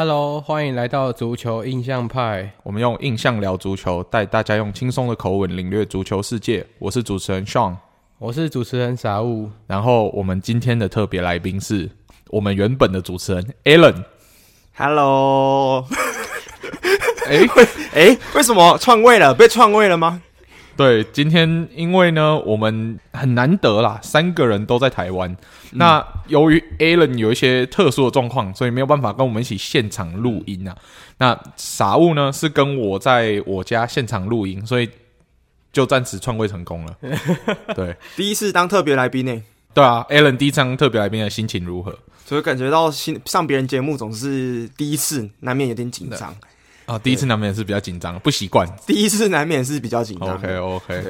Hello，歡迎來到足球印象派。我們用印象聊足球，帶大家用輕鬆的口吻領略足球世界。我是主持人 Shawn，我是主持人傻物。然後我們今天的特別來賓是我們原本的主持人 Allen。Hello，哎、 欸，哎、欸，為什麼篡位了？被篡位了嗎？對，今天因為呢，我們很難得啦。三個人都在台灣。嗯、那由於 Alan 有一些特殊的狀況，所以沒有辦法跟我們一起現場錄音啊。嗯、那 Saul 呢，是跟我在我家現場錄音，所以就暫時篡位成功了。 對，第一次當特別來賓呢、欸。對啊 Alan 第一張特別來賓的心情如何？所以感覺到上別人節目總是第一次，難免有點緊張。啊，第一次難免是比較緊張，對不習慣。第一次難免是比較緊張。OK OK，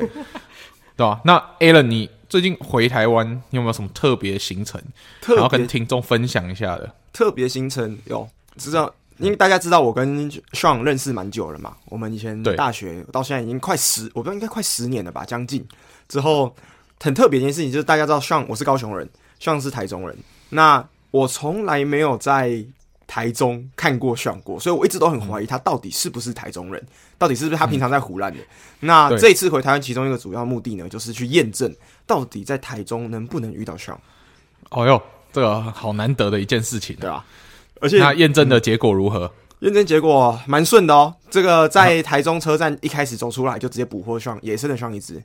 對吧、 啊？那 Alan，你最近回台灣有沒有什麼特別行程，然後別跟聽眾分享一下的？特別行程有，知道，因為大家知道我跟 Saul 認識蠻久了嘛，我們以前大學到現在已經快十，對我不知道應該快十年了吧，將近。之後很特別的一件事情，就是大家知道 Saul 我是高雄人，Saul 是台中人，那我從來沒有在。台中看過、Saul 過，所以我一直都很懷疑他到底是不是台中人，嗯、到底是不是他平常在胡亂的。嗯、那對這一次回台灣，其中一個主要目的呢，就是去驗證到底在台中能不能遇到 Saul。哦喲，這個好難得的一件事情、啊，對啊。而且，那驗證的結果如何？嗯？驗證結果蠻順的哦。這個在台中車站一開始走出來，就直接捕獲 Saul，野生的 Saul 一隻。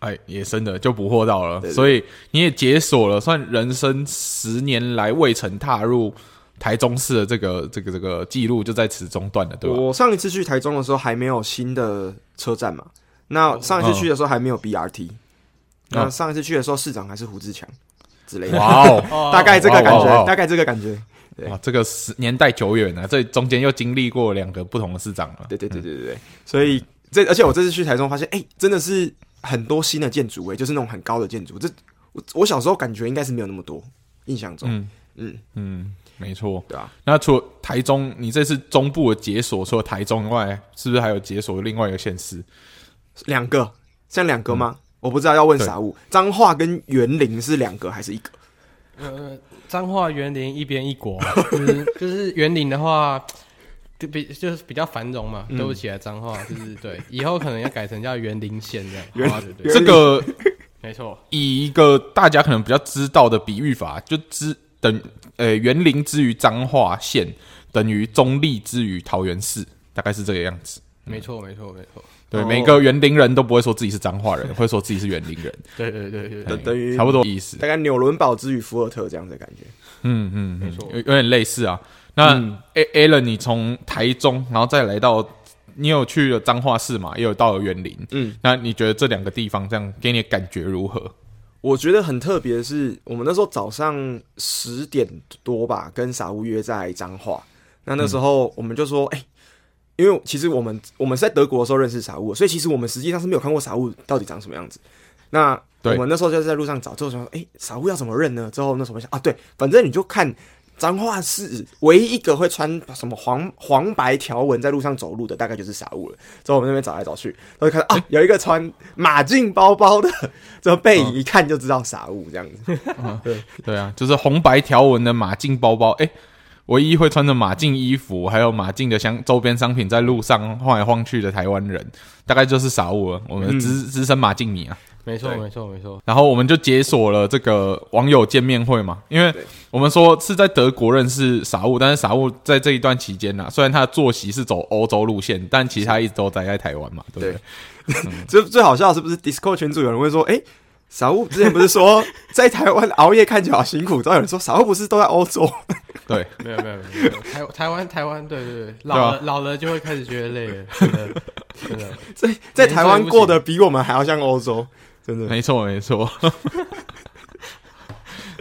哎，野生的就捕獲到了，對對，所以你也解鎖了，算人生十年來未曾踏入。台中市的這個這個這個記錄就在此中斷了，對吧？我上一次去台中的時候還沒有新的車站嘛？那上一次去的時候還沒有 BRT、哦。嗯、那上一次去的時候市長還是胡志強之類的，哦、 大概這個感覺，哦哦哦哦大概這個感覺。哇，這個是年代久遠啊！這中間又經歷過兩個不同的市長了。對對對對對，對、嗯、所以這而且我這次去台中發現，哎、欸，真的是很多新的建築哎，就是那種很高的建築。這我我小時候感覺應該是沒有那麼多，印象中，嗯嗯。嗯嗯沒錯，對啊。那除了台中，你這次中部的解鎖除了台中外，是不是還有解鎖另外一個縣市？兩個，像兩個嗎？嗯、我不知道要問啥物對。彰化跟員林是兩個還是一個？呃，彰化員林一邊一國， 就是員林、就是、的話，就比就是比較繁榮嘛，嗯、對不起來彰化，就是對。以後可能要改成叫員林縣這元吧對對這個 沒錯錯。以一個大家可能比較知道的比喻法，就知。等，呃、欸，員林之於彰化縣，等於中壢之於桃園市，大概是這個樣子。嗯、沒錯，沒錯，沒錯。對，哦、每個員林人都不會說自己是彰化人， 會說自己是員林人。對對對對，等等於差不多意思。大概紐倫堡之於福爾特這樣子的感覺。嗯嗯沒錯、嗯，有點類似啊。那、嗯、A-Alan 你從台中，然後再來到，你有去了彰化市嘛？也有到了員林。嗯，那你覺得這兩個地方這樣給你的感覺如何？我覺得很特別的是，我們那時候早上十點多吧，跟 Saul 約在彰化。那那時候我們就說，哎、嗯欸，因為其實我們我們是在德國的時候認識 Saul，所以其實我們實際上是沒有看過 Saul 到底長什麼樣子。那我們那時候就是在路上找，之後想說，哎、欸，Saul 要怎麼認呢？之後那時候想，啊，對，反正你就看。彰化是唯一一個會穿什麼黃黃白條紋在路上走路的，大概就是傻霧了。在我們在那邊找來找去，然後就看到啊，欸，有一個穿馬競包包的，這背影一看就知道傻霧這樣子。嗯、 對、嗯、對啊，就是紅白條紋的馬競包包，哎、欸。唯一會穿着馬競衣服，還有馬競的商周邊商品在路上晃來晃去的台灣人，大概就是 Saul 了。我們資資深馬競迷啊，嗯、對 沒錯沒錯沒錯。然後我們就解鎖了這個網友見面會嘛，因為我們說是在德國認識 Saul，但是 Saul 在這一段期間啊。雖然他的作息是走歐洲路線，但其實他一直都待在,在台灣嘛，對不對？這最好笑是不是？Discord 群組有人會說，哎、欸。Saul 之前不是說在台灣熬夜看起來好辛苦，然後有人說 Saul 不是都在歐洲？對，沒有沒有沒有台台灣台灣對對對，老了對嗎老了就會開始覺得累了，真的真的。在在台灣過得比我們還要像歐洲，真的，真的沒錯沒錯。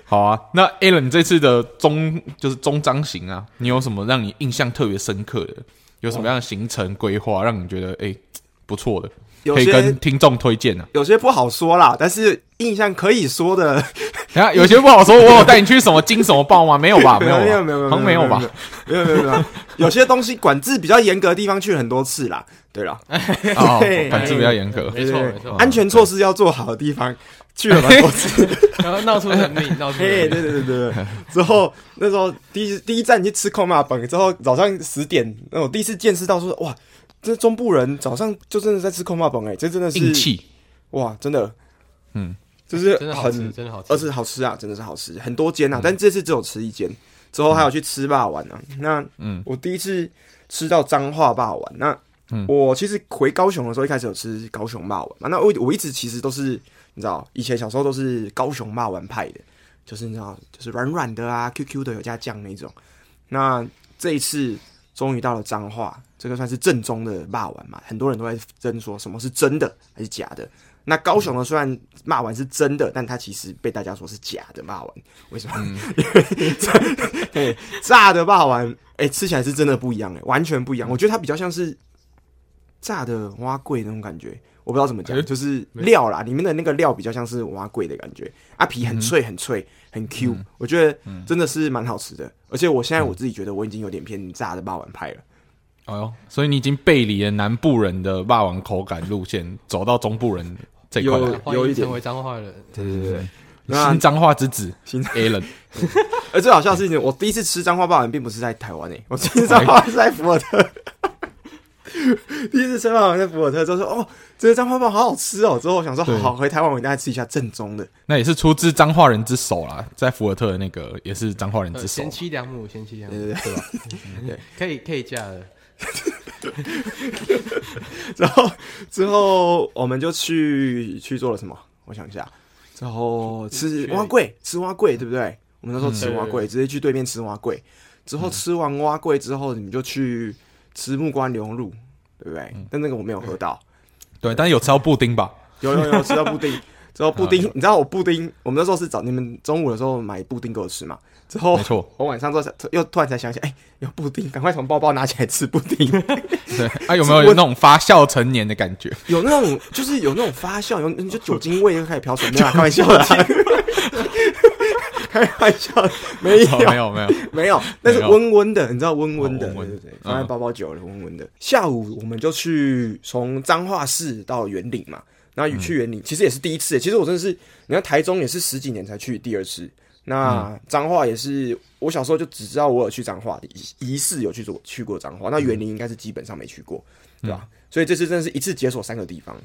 好啊，那 Alan 這次的中就是中彰行啊，你有什麼讓你印象特別深刻的？有什麼樣的行程規劃讓你覺得哎、欸、不錯的？可以跟聽眾推薦呢，有些不好說啦，但是印象可以說的。啊，有些不好說，我有帶你去什麼驚什麼爆嗎？沒有吧，沒有，沒有，沒有，沒有，沒有吧？沒有，沒有，沒有，有些東西管制比較嚴格的地方去了很多次啦，對啦，好，管制比較嚴格，沒錯，沒錯，安全措施要做好的地方去了很多次，然後鬧出人命，鬧出人命。哎，對對對對對。之後那時候第一第一站就吃烤馬本之後，早上十點，我第一次見識到說哇，這中部人早上就真的在吃控肉飯，哎，這真的是硬氣哇！真的，嗯，就是真的很真的好吃，的好吃而且好吃啊，真的是好吃，很多間吶、啊。嗯、但這次只有吃一間，之後還有去吃肉圓呢、啊。那嗯，那嗯我第一次吃到彰化肉圓。那嗯，我其實回高雄的時候一開始有吃高雄肉圓嘛，那我我一直其實都是你知道，以前小時候都是高雄肉圓派的，就是你知道，就是軟軟的啊，Q Q 的有加醬那種。那這一次終於到了彰化。這個算是正宗的肉圓嘛？很多人都在爭說什麼是真的還是假的。那高雄呢、嗯、雖然肉圓是真的，但它其實被大家說是假的肉圓。為什麼？嗯、 炸的肉圓，哎、欸，吃起來是真的不一樣、欸，哎，完全不一樣。嗯、我覺得它比較像是炸的碗粿那種感覺。我不知道怎麼講、欸，就是料啦，裡面的那個料比較像是碗粿的感覺。阿、啊、皮很脆，很脆，嗯、很 Q、嗯。我覺得真的是蠻好吃的。而且我現在我自己覺得我已經有點偏炸的肉圓派了。哦喲，所以你已經背離了南部人的霸王口感路線，走到中部人這塊來，有，有，有一點成為彰化人，對，對對對，那新彰化之子，新 Alan。而最好笑的事情，我第一次吃彰化霸王，並不是在台灣誒，我 第一次吃是在福爾特。第一次吃彰化霸王在福爾特，之後說哦，這個彰化霸王好好吃哦。之後我想說，對好回台灣，我一定要吃一下正宗的。對那也是出自彰化人之手啦，在福爾特的那個也是彰化人之手。賢妻良母，賢妻良母，對，對，對，對，可以可以嫁了。對，然後之後我們就去去做了什麼？我想一下，之後吃碗粿，吃碗粿對不對？我們那時候吃碗粿，直接去對面吃碗粿。之後吃完碗粿之後，你們就去吃木瓜牛乳，對不對？但那個我沒有喝到，對，但是有吃到布丁吧？有有有吃到布丁，之後布丁，你知道我布丁，我們那時候是找你們中午的時候買布丁給我吃嘛？之後，我晚上之後又突然才想起哎，有布丁，趕快從包包拿起來吃布丁。對，啊，有沒有那種發酵成年的感覺？有那種，就是有那種發酵，有就酒精味又開始飄出來，開玩笑的，開玩笑，沒有，沒有，沒有，沒有，那是溫溫的，你知道溫溫的，放在包包久了溫溫的。下午我們就去從彰化市到員林嘛，然後去員林，其實也是第一次。其實我真的是，你看台中也是十幾年才去第二次。那彰化，嗯、也是，我小時候就只知道我有去彰化，疑似有去做去過彰化。那園林應該是基本上沒去過，嗯、對吧？所以這次真的是一次解鎖三個地方。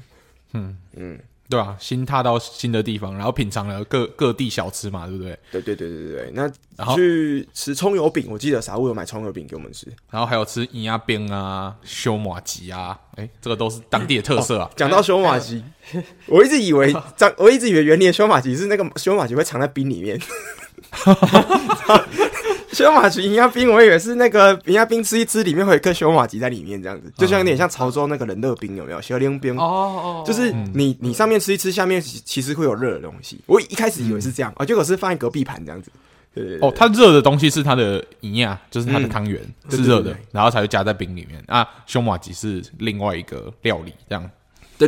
嗯嗯。嗯對啊，新踏到新的地方，然後品嘗了各各地小吃嘛，對不對？對對對對對對，那去吃蔥油餅，後我記得 Saul 有買蔥油餅給我們吃，然後還有吃銀牙餅啊、燒麻糬啊，哎，這個都是當地的特色啊。哦、講到燒麻糬，哎、呀我一直以為， 我一直以為原來的燒麻糬是那個燒麻糬會藏在冰裡面。 哈哈哈！哈，熊麻吉營養冰，我以為是那個營養冰吃一吃，裡面會一顆熊麻吉在裡面，這樣子，就像有點像潮州那個燒冷冰有沒有？燒冷冰，哦哦，就是你你上面吃一吃，下面其實會有熱的東西。我一開始以為是這樣，啊，結果是放在隔壁盤這樣子。哦，它熱的東西是它的營養就是它的湯圓、嗯、是熱的，然後才會夾在冰裡面，啊，熊麻吉是另外一個料理這樣。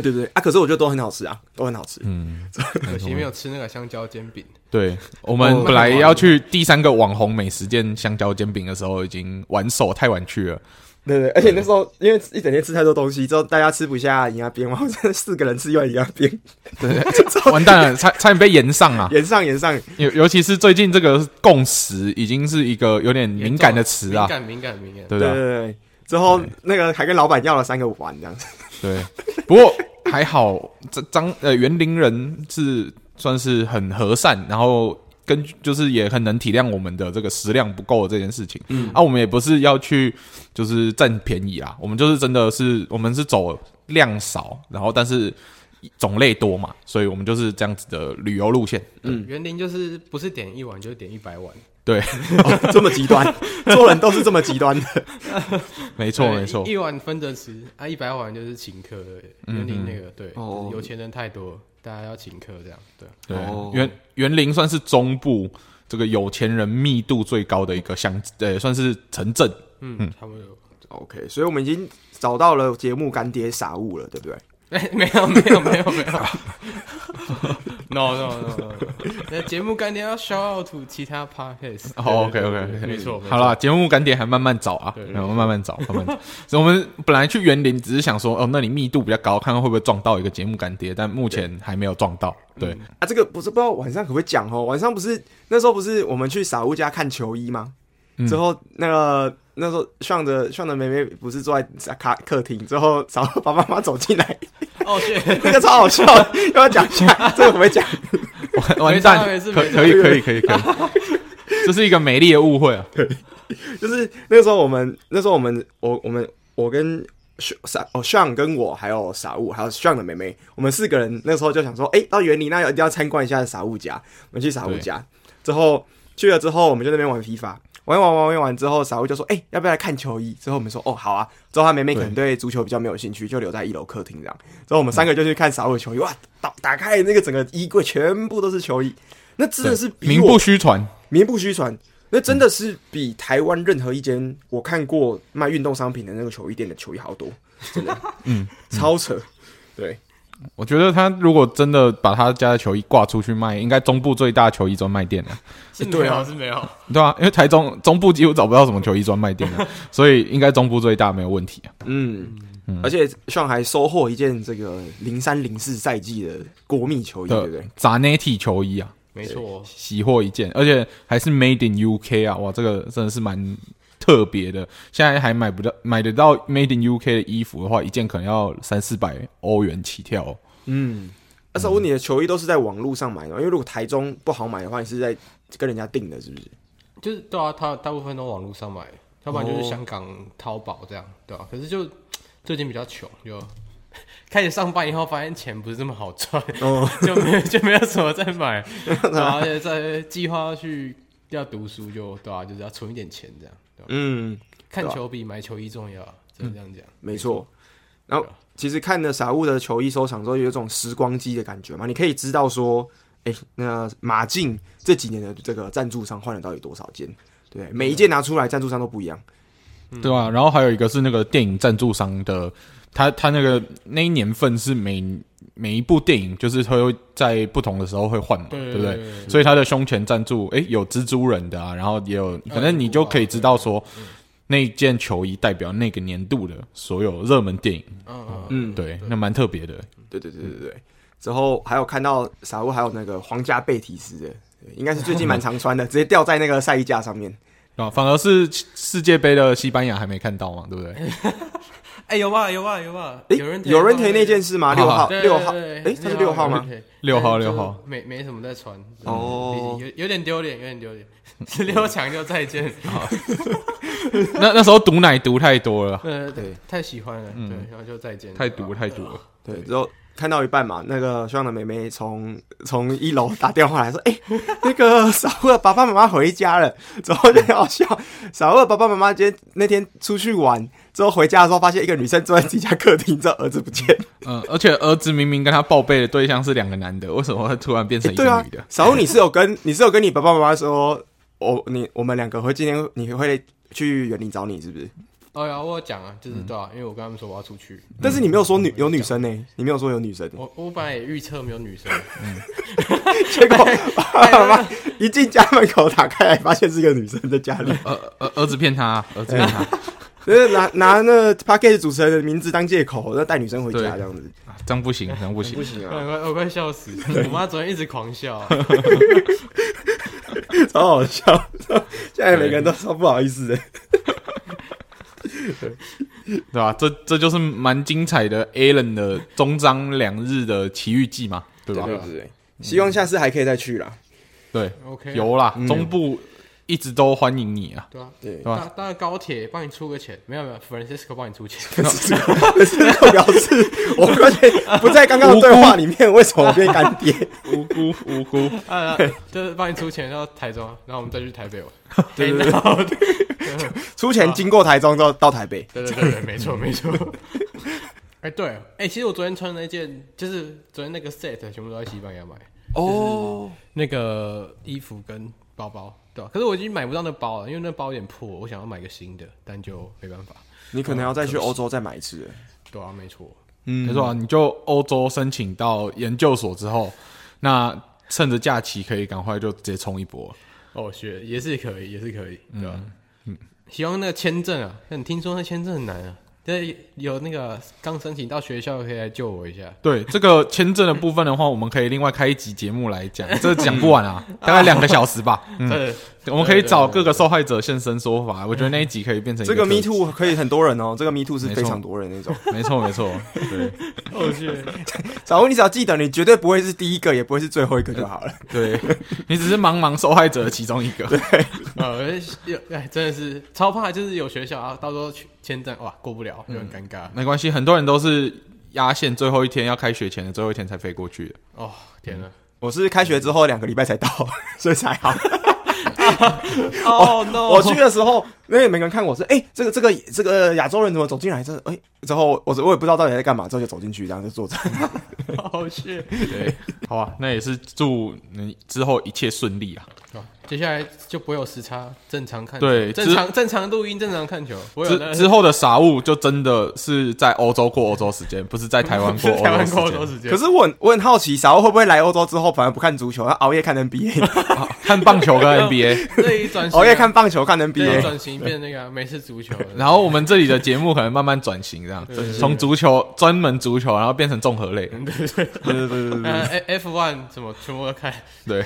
對對對啊！可是我覺得都很好吃啊，都很好吃。嗯， 可惜沒有吃那個香蕉煎餅。對，我們本來要去第三個網紅美食店香蕉煎餅的時候，已經玩手太晚去了。對，對對，而且那時候對對對，因為一整天吃太多東西，之後大家吃不下，營養邊嘛，真的四個人吃一碗營養邊，對，對，對， 完蛋了，差差點被炎上啊，炎上炎上。尤尤其是最近這個“共識”已經是一個有點敏感的詞啊，敏感敏感敏感，對對對，之後那個還跟老闆要了三個碗這樣子。 對，不過還好，這張呃員林人是算是很和善，然後根據就是也很能體諒我們的這個食量不夠這件事情。嗯，啊，我們也不是要去就是佔便宜啦，我們就是真的是我們是走量少，然後但是種類多嘛，所以我們就是這樣子的旅遊路線。嗯，員林就是不是點一碗就是、點一百碗。對，這麼極端，做人都是這麼極端的。沒錯，沒錯，一碗分着吃啊，一百碗就是請客的。員林那個，對，有錢人太多，大家要請客這樣。對對，員、員林算是中部這個有錢人密度最高的一個鄉，對，算是城鎮。嗯，差不多。OK，所以我們已經找到了節目乾爹 Saul 了，對不對？哎，沒有，沒有，沒有，沒有。no no 節目乾爹要 shout out 其他 podcast。好 OK OK，沒錯。好了，節目乾爹還慢慢找啊，然後慢慢找。我們，所以我們本來去園林只是想說，哦，那裡密度比較高，看看會不會撞到一個節目乾爹，但目前還沒有撞到。對啊，這個不是不知道晚上可不可以講哦。晚上不是那時候，不是我們去 Saul 家看球衣嗎？之後那個那時候 Sean 的 Sean 的妹妹不是坐在卡客廳之後，Saul 爸爸媽媽走進來。哦，這個、oh, 超好笑的，要不要講一下？ 這個我沒講， 完蛋可可以可以可以可以，這是一個美麗的誤會啊！對，就是那個時候我們那時候我們我我們我跟傻哦炫跟我還有傻悟，還有炫的妹妹，我們四個人那個時候就想說，誒、欸，到園林那裡一定要參觀一下傻悟家，我們去傻悟家對之後去了之後，我們就那邊玩 FIFA。玩完玩完，完，完之後，Saul 就說：“哎、欸，要不要來看球衣？”之後我們說：“哦，好啊。”之後他妹妹可能對足球比較沒有興趣，對就留在一樓客廳這樣。之後我們三個就去看 Saul 的球衣，哇！打打開那個整個衣櫃，全部都是球衣，那真的是名不虛傳，名不虛傳。那真的是比台灣任何一間我看過賣運動商品的那個球衣店的球衣好多，真的、啊 嗯，嗯，超扯，對。我覺得他如果真的把他家的球衣掛出去賣，應該中部最大的球衣專賣店了。是、欸、對啊,對啊是沒有對啊，因為台中中部幾乎找不到什麼球衣專賣店了， 所以應該中部最大沒有問題啊。嗯，嗯而且 Saul 還收穫一件這個零三零四賽季的國米球衣對不對，對對，Zanetti 球衣啊，沒錯錯，喜獲一件，而且還是 Made in UK 啊，哇，這個真的是蠻。特別的，現在還買不到買得到 Made in UK 的衣服的話，一件可能要三四百歐元起跳。嗯，而且我問你的球衣都是在網絡上買的，嗯、因為如果台中不好買的話，你是在跟人家訂的，是不是？就是對啊，他大部分都網絡上買，要不然就是香港淘寶這樣，oh. 對吧？對啊，可是就最近比較窮，就開始上班以後發現錢不是這麼好賺，oh. 就沒有就沒有什麼在買，然後在計劃去要讀書就，就對啊，就是要存一點錢這樣。嗯，看球比買球衣重要，真的吧這，這樣講。嗯、沒錯，嗯、然後吧其實看了 Saul 的球衣收藏之後，有一種時光機的感覺嘛。你可以知道說，哎，那馬競這幾年的這個贊助商換了到底多少件？對，每一件拿出來贊助商都不一樣，對吧？嗯、然後還有一個是那個電影贊助商的。他他那個那一年份是每每一部電影，就是會會在不同的時候會換嘛，對不對，對？對所以他的胸前贊助，哎、欸，有蜘蛛人的啊，然後也有，反正你就可以知道說，對對對那一件球衣代表那個年度的所有熱門電影。嗯嗯，對，那蠻特別的。對，對對對對對。之後還有看到 Saul，還有那個皇家貝提斯的，應該是最近蠻常穿的，啊、直接吊在那個賽衣架上面啊。反而是世界杯的西班牙還沒看到嘛，對不對？ 哎，有啊，有啊，有啊。有人，有人提那件事嗎？六號，六號，哎，他是六號嗎？六號，六號，沒，沒什麼在傳哦，有，有點丟臉，有點丟臉，十六強就再見。好，那那時候毒奶毒太多了，對對，太喜歡了，對，然後就再見，太毒，太毒了，對，然後看到一半嘛，那個希望的妹妹從從一樓打電話來說，哎，那個小二爸爸媽媽回家了，然後就好笑，小二爸爸媽媽今天那天出去玩。之後回家的時候，發現一個女生坐在自己家客廳，之後兒子不見。 嗯，而且兒子明明跟他報備的對象是兩個男的，為什麼會突然變成一個女的？欸對啊、小吳，你是有跟 你是有跟你爸爸媽媽說，我你我們兩個會今天你會去園林找你，是不是？哎呀、喔，我有講啊，就是對啊，嗯、因為我跟他們說我要出去，但是你沒有說、嗯、女有女生呢，你沒有說有女生。我我本來也預測沒有女生，嗯， 結果爸爸爸爸一進家門口打開來，發現是一個女生在家裡。兒兒、呃呃、兒子騙他，兒子騙他。欸拿拿那 package 主持人的名字當借口，然後帶女生回家這樣子，這樣不行，這樣不行、啊，不行我快笑死了，對我媽昨天一直狂笑、啊， 超好笑超，現在每個人都超不好意思的、欸，欸、對吧？這這就是蠻精彩的 Alan 的中章兩日的奇遇記嘛，對吧？對，對，對，希望下次還可以再去啦。嗯、對，OK，有啦中部、嗯。一直都歡迎你啊！對啊，對，對吧？當然高鐵幫你出個錢，沒有沒有，弗蘭西斯科幫你出錢，弗蘭西斯科表示，我覺得不在剛剛的對話裡面，為什麼我變乾爹？無辜無辜，呃，就是幫你出錢到台中，然後我們再去台北玩，對對對，出錢經過台中到到台北，對對對對，沒錯沒錯。哎對，哎，其實我昨天穿了一件，就是昨天那個 set 全部都在西班牙買，哦，那個衣服跟包包。對啊，可是我已經買不到那包了，因為那包有點破，我想要買個新的，但就沒辦法。你可能要再去歐洲再買一次，嗯。對啊，沒錯，沒錯，你就歐洲申請到研究所之後，那趁着假期可以趕快就直接衝一波。哦，是，也是可以，也是可以，對吧？嗯，嗯、希望那個簽證啊，但你聽說那簽證很難啊。對，有那個剛申請到學校可以來救我一下。對，這個簽證的部分的話，我們可以另外開一集節目來講，這講不完啊，嗯、大概兩個小時吧。啊、嗯，對對對對對我們可以找各個受害者現身說法，我覺得那一集可以變成個這個 me too 可以很多人哦，這個 me too 是非常多人那種。沒錯，沒錯。 對。我去，小吳，你只要記得，你絕對不會是第一個，也不會是最後一個就好了。對，你只是茫茫受害者的其中一個。對。啊，有，哎，真的是超怕，就是有學校啊，到時候去簽證，哇，過不了。有點尷尬，沒關係，很多人都是壓線，最後一天要開學前的最後一天才飛過去的。哦，天啊，我是開學之後兩個禮拜才到，所以才好。哦、 oh,，no！我去的時候，因為沒人看我是，說，哎，這個這個這個亞洲人怎麼走進來？這個，哎、欸，之後我我也不知道到底在幹嘛，之後就走進去，然後就坐著。好謝。對，好吧、啊，那也是祝你之後一切順利啊。Oh. 接下來就不會有時差，正常看球。對，正常正常錄音，正常看球。之之後的傻物就真的是在歐洲過歐洲時間，不是在台灣過台灣過歐洲時間。可是我我很好奇，傻物會不會來歐洲之後反而不看足球，他熬夜看 NBA，看棒球跟 NBA。熬夜看棒球看 NBA，轉型變成那個美式足球。然後我們這裡的節目可能慢慢轉型，這樣從足球專門足球，然後變成綜合類。對對對對對對。F1 什麼全部都看。對，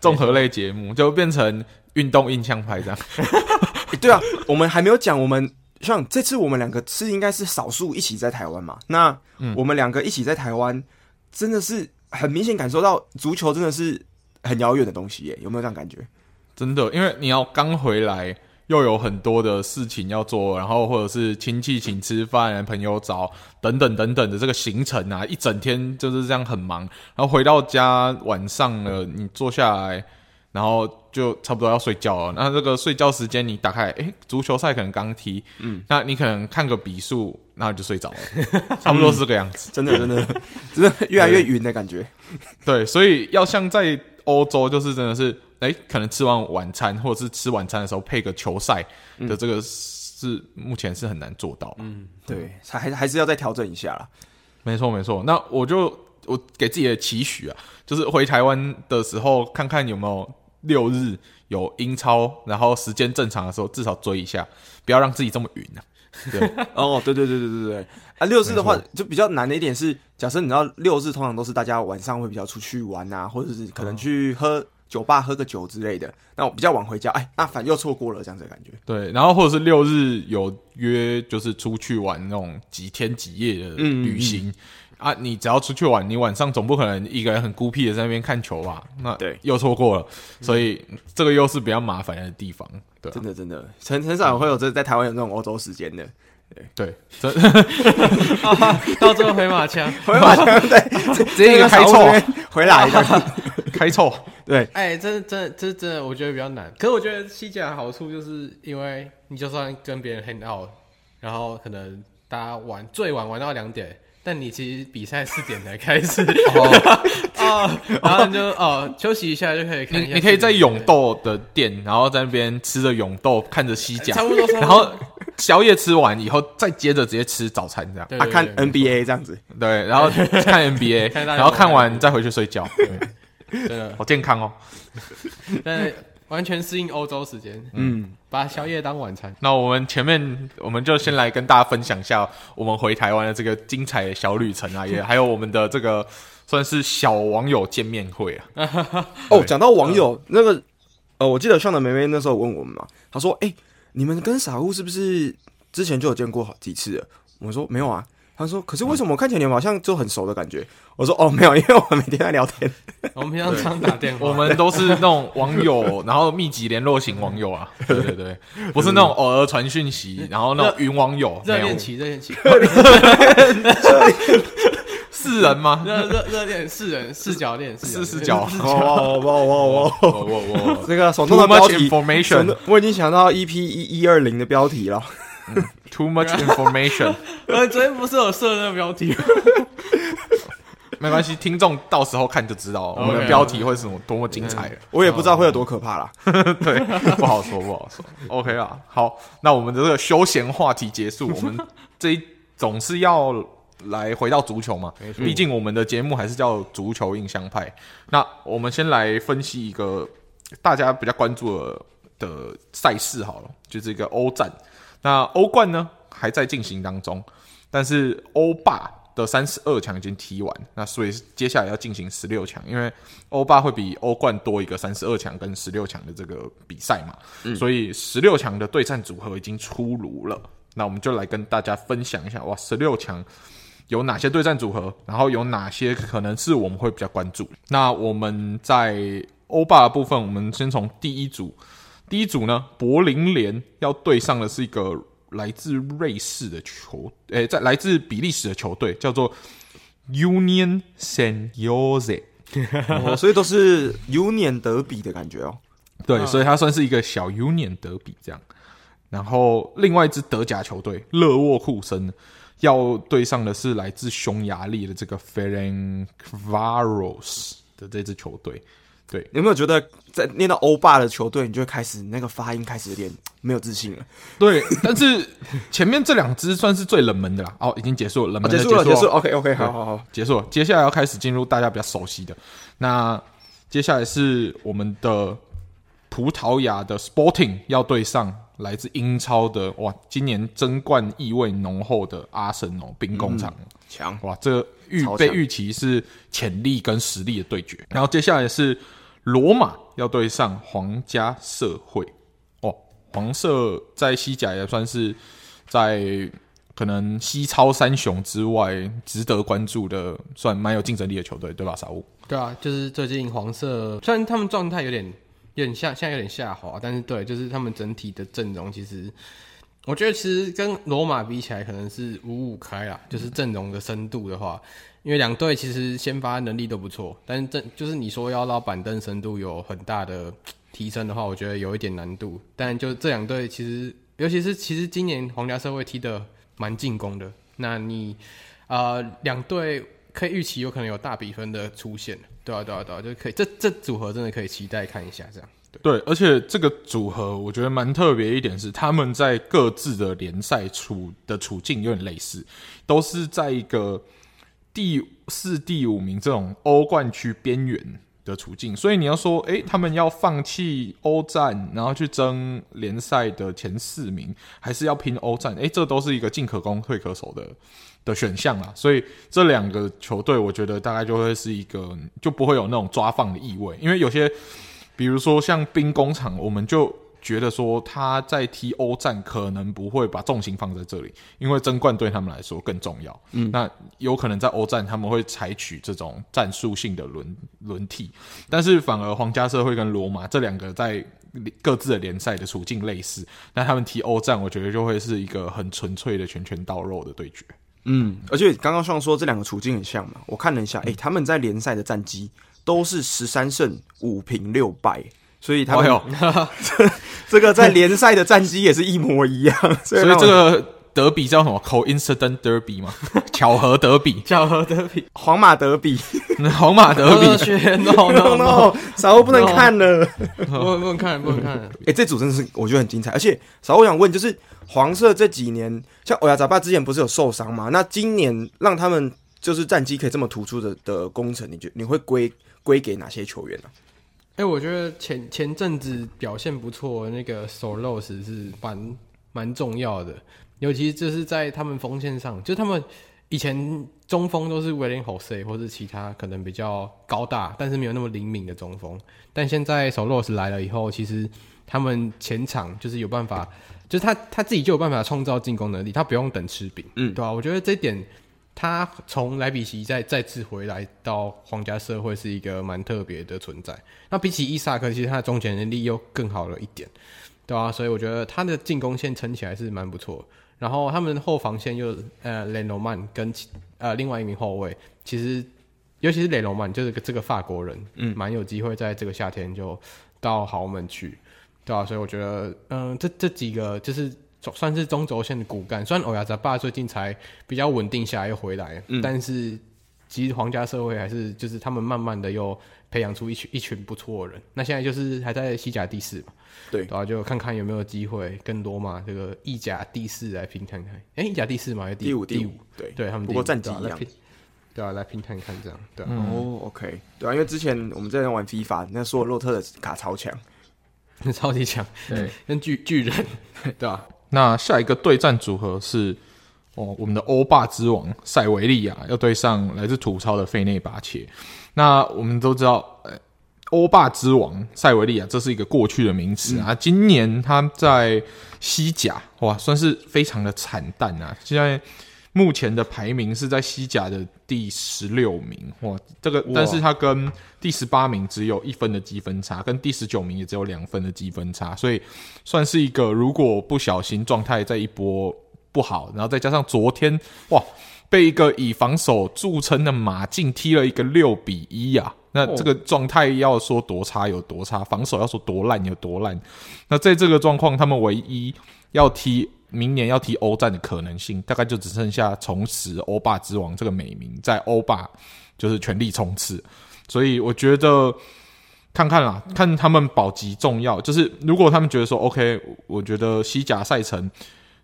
綜合類節目就。變成運動印象派這樣、 欸、對啊，我們還沒有講。我們像這次我們兩個是應該是少數一起在台灣嘛？那、嗯、我們兩個一起在台灣，真的是很明顯感受到足球真的是很遙遠的東西耶、欸，有沒有這樣感覺？真的，因為你要剛回來，又有很多的事情要做，然後或者是親戚請吃飯、朋友找等等等等的這個行程啊，一整天就是這樣很忙。然後回到家晚上了，呃，你坐下來。嗯然後就差不多要睡覺了。那這個睡覺時間，你打開，哎，足球賽可能剛踢，嗯，那你可能看個比數，然後就睡着了， 差不多是這個樣子。 真的，真的，真的越來越暈的感覺對。對，所以要像在歐洲，就是真的是，哎，可能吃完晚餐，或者是吃晚餐的時候配個球賽的這個是、嗯、目前是很難做到。嗯，對，還還是是要再調整一下啦。沒錯，沒錯。那我就我給自己的期許啊，就是回台灣的時候看看有沒有。六日有英超，然後時間正常的時候，至少追一下，不要讓自己這麼暈啊！對， 哦，對對對對對對，啊，六日的話就比較難的一點是，假設你知道六日，通常都是大家晚上會比較出去玩啊，或者是可能去喝酒吧喝個酒之類的，那我，哦、比較晚回家，哎，那反又錯過了這樣子的感覺。對，然後或者是六日有約，就是出去玩那種幾天幾夜的旅行。嗯嗯啊！你只要出去玩，你晚上總不可能一個人很孤僻的在那邊看球吧？那對，又錯過了，對所以這個又是比較麻煩的地方。對、啊，真的真的，很很少有會有在台灣有這種歐洲時間的。對對，真、 啊，到最後回馬槍，回馬槍，對， 對直接一個開錯錯回來 開錯，對，哎、欸，真真這真的，真的我覺得比較難。可是我覺得西甲的好處就是因為你就算跟別人 hang out，然後可能大家玩最晚玩到兩點。但你其實比賽四點才開始，哦，然後你就哦，休息一下就可以看。你可以在永豆的店，然後在那邊吃着永豆，看着西甲，差不多。然後宵夜吃完以後，再接着直接吃早餐，這樣啊，看 NBA 這樣子，對，然後看 NBA，然後看完再回去睡覺，對，好健康哦。但完全適應歐洲時間，嗯，把宵夜當晚餐。那我們前面我們就先來跟大家分享一下我們回台灣的這個精彩的小旅程啊， 也還有我們的這個算是小網友見面會啊。 對哦，講到網友、呃、那個，呃，我記得向南梅梅那時候問我們嘛，她說：“哎、欸，你們跟 Saul 是不是之前就有見過好幾次？”我們說：“沒有啊。”他說：“可是為什麼我看起來你們好像就很熟的感覺？”我說：“哦，沒有，因為我們每天在聊天，我們平常常打電話，我們都是那種網友，然後密集聯絡型網友啊，對對對，不是那種偶爾傳訊息，然後那種雲網友，熱戀期，熱戀期，四人嗎？熱熱熱戀四人四角戀四角哦，哇哇哇哇哇哇！這個什麼標題？我已經想到 EP 一一二零的標題了。”嗯、Too much information。我、 啊、昨天不是有設那個標題嗎？沒關係，聽眾到時候看就知道我們的標題會是什麼 okay, okay. 多麼精彩。我也不知道會有多可怕啦。 對， 不好說，不好說。 OK 啦，好，那我們的這個休閒話題結束。我們這一總是要來回到足球嘛，畢竟我們的節目還是叫足球印象派。那我們先來分析一個大家比較關注的的賽事好了，就這、是、個歐戰。那歐冠呢，還在進行當中，但是歐霸的三十二強已經踢完，那所以接下來要進行十六強，因為歐霸會比歐冠多一個三十二強跟十六強的這個比賽嘛，嗯，所以十六強的對戰組合已經出爐了，那我們就來跟大家分享一下，哇，十六強有哪些對戰組合，然後有哪些可能是我們會比較關注。那我們在歐霸的部分，我們先從第一組。第一組呢，柏林聯要對上的是一個來自瑞士的球，誒、欸，在來自比利時的球隊叫做 Union Saint Josy，哦，所以都是 Union 德比的感覺哦。對，所以它算是一個小 Union 德比這樣。然後另外一支德甲球隊勒沃庫森要對上的是來自匈牙利的這個 Ferencváros 的這支球隊。對，你有沒有覺得？念到歐霸的球隊，你就會開始那個發音開始有點沒有自信了。對， 但是前面這兩支算是最冷門的啦。哦，已經結束了，冷門結束了，哦、結束了，結束了。OK，OK，okay, okay, 對好好好，結束了。接下來要開始進入大家比較熟悉的，那接下來是我們的葡萄牙的 Sporting 要對上來自英超的哇，今年爭冠意味濃厚的阿森納兵工廠強、嗯、哇，這預被預期是潛力跟實力的對決。強然後接下來是羅馬。要對上皇家社會，哦，黃色在西甲也算是在可能西超三雄之外值得關注的，算蠻有競爭力的球隊，對吧？Saul 對啊，就是最近黃色雖然他們狀態有點有點下，現在有點下滑，但是對，就是他們整體的陣容，其實我覺得其實跟羅馬比起來，可能是五五開啊，就是陣容的深度的話。嗯因為兩隊其實先發能力都不錯，但是這就是你說要讓板凳深度有很大的提升的話，我覺得有一點難度。但就這兩隊，其實尤其是其實今年皇家社會踢得蠻進攻的。那你啊，呃，兩隊可以預期有可能有大比分的出現。對啊，對啊，對啊，就可以這這組合真的可以期待看一下這樣。對，對，而且這個組合我覺得蠻特別一點是，他們在各自的聯賽處的處境有點類似，都是在一個。第四、第五名這種歐冠區邊緣的處境，所以你要說，誒，他們要放棄歐戰，然後去爭聯賽的前四名，還是要拼歐戰？誒，這都是一個進可攻、退可守的的選項啊。所以這兩個球隊，我覺得大概就會是一個就不會有那種抓放的意味，因為有些，比如說像兵工廠，我們就。覺得說他在踢歐戰可能不會把重心放在這裡，因為爭冠對他們來說更重要。嗯，那有可能在歐戰他們會採取這種戰術性的輪輪替，但是反而皇家社會跟羅馬這兩個在各自的聯賽的處境類似，那他們踢歐戰，我覺得就會是一個很純粹的拳拳到肉的對決。嗯，嗯，而且剛剛說說，這兩個處境很像嘛，我看了一下，哎、嗯、欸，他們在聯賽的戰績都是十三勝五平六敗，所以他們有，這這個在聯賽的戰績也是一模一樣，所以，所以這個德比叫什麼 coincident derby 嘛？Der 嗎 巧合德比，巧合德比，皇馬德比，皇、嗯、馬德比，no no no，Saul 我不能看了，不能看了。不能看，哎、欸，這組真的是我覺得很精彩，而且 Saul 我想問就是，黃色這幾年像歐亞扎巴之前不是有受傷嘛？那今年讓他們就是戰績可以這麼突出的的功臣，你覺你會歸歸給哪些球員呢、啊？哎、欸，我覺得前前陣子表現不錯，那個 Sørloth 是蠻蠻重要的，尤其就是在他們鋒線上，就他們以前中鋒都是 Willian José，或者其他可能比較高大，但是沒有那麼靈敏的中鋒，但現在 Sørloth 來了以後，其實他們前場就是有辦法，就是他他自己就有辦法創造進攻能力，他不用等吃餅，嗯，對吧、啊？我覺得這一點。他從萊比錫再再次回來到皇家社會是一個蠻特別的存在。那比起伊薩克，其實他的中前能力又更好了一點，對吧、啊？所以我覺得他的進攻線撐起來是蠻不錯。然後他們後防線又呃雷諾曼跟其呃另外一名後衛，其實尤其是雷諾曼，就是這個法國人，嗯，蠻有機會在這個夏天就到豪門去，對吧、啊？所以我覺得嗯、呃、這這幾個就是。算是中軸線的骨幹，雖然歐亞澤巴最近才比較穩定下來又回來，嗯、但是其實皇家社會還是就是他們慢慢的又培養出一群一群不錯的人。那現在就是還在西甲第四嘛，對，然後、啊、就看看有沒有機會更多嘛，這個意甲第四來拼看看。哎、欸，意甲第四嘛，第，第五第五，第五，對，對他們不過戰績一樣對、啊，對啊，來拼看、啊、看這樣，對、啊嗯、哦，OK，對啊，因為之前我們在玩 FIFA，那索爾洛特的卡超強， 超級強強，對，跟巨巨人， 對吧？對啊那下一個對戰組合是，哦，我們的歐霸之王塞維利亞要對上來自土超的費內巴切。那我們都知道，呃，歐霸之王塞維利亞這是一個過去的名詞啊，嗯、今年他在西甲哇，算是非常的慘淡啊，現在。目前的排名是在西甲的第十六名，哇，這個，但是他跟第十八名只有一分的積分差，跟第十九名也只有兩分的積分差，所以算是一個。如果不小心狀態再一波不好，然後再加上昨天哇，被一個以防守著稱的馬競踢了一個六比一啊，那這個狀態要說多差有多差，防守要說多爛有多爛。那在這個狀況，他們唯一要踢。明年要踢歐戰的可能性，大概就只剩下從此歐霸之王這個美名，在歐霸就是全力衝刺。所以我覺得看看啦，看他們保級重要。就是如果他們覺得說，OK，我覺得西甲賽程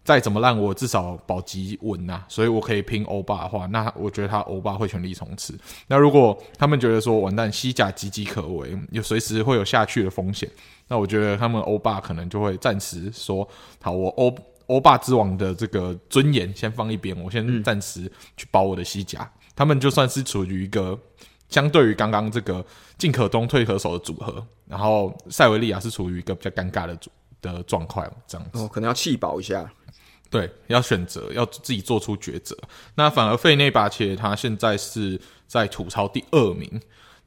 再怎麼爛，我至少保級穩啊，所以我可以拼歐霸的話，那我覺得他歐霸會全力衝刺。那如果他們覺得說，完蛋，西甲岌岌可危，有隨時會有下去的風險，那我覺得他們歐霸可能就會暫時說，好，我歐。歐霸之王的這個尊嚴先放一邊，我先暫時去保我的西甲。嗯、他們就算是處於一個相對於剛剛這個進可攻退可守的組合，然後塞維利亞是處於一個比較尷尬的組的狀況，這樣子，哦、可能要棄保一下。對，要選擇，要自己做出抉擇。那反而費內巴切他現在是在土超第二名，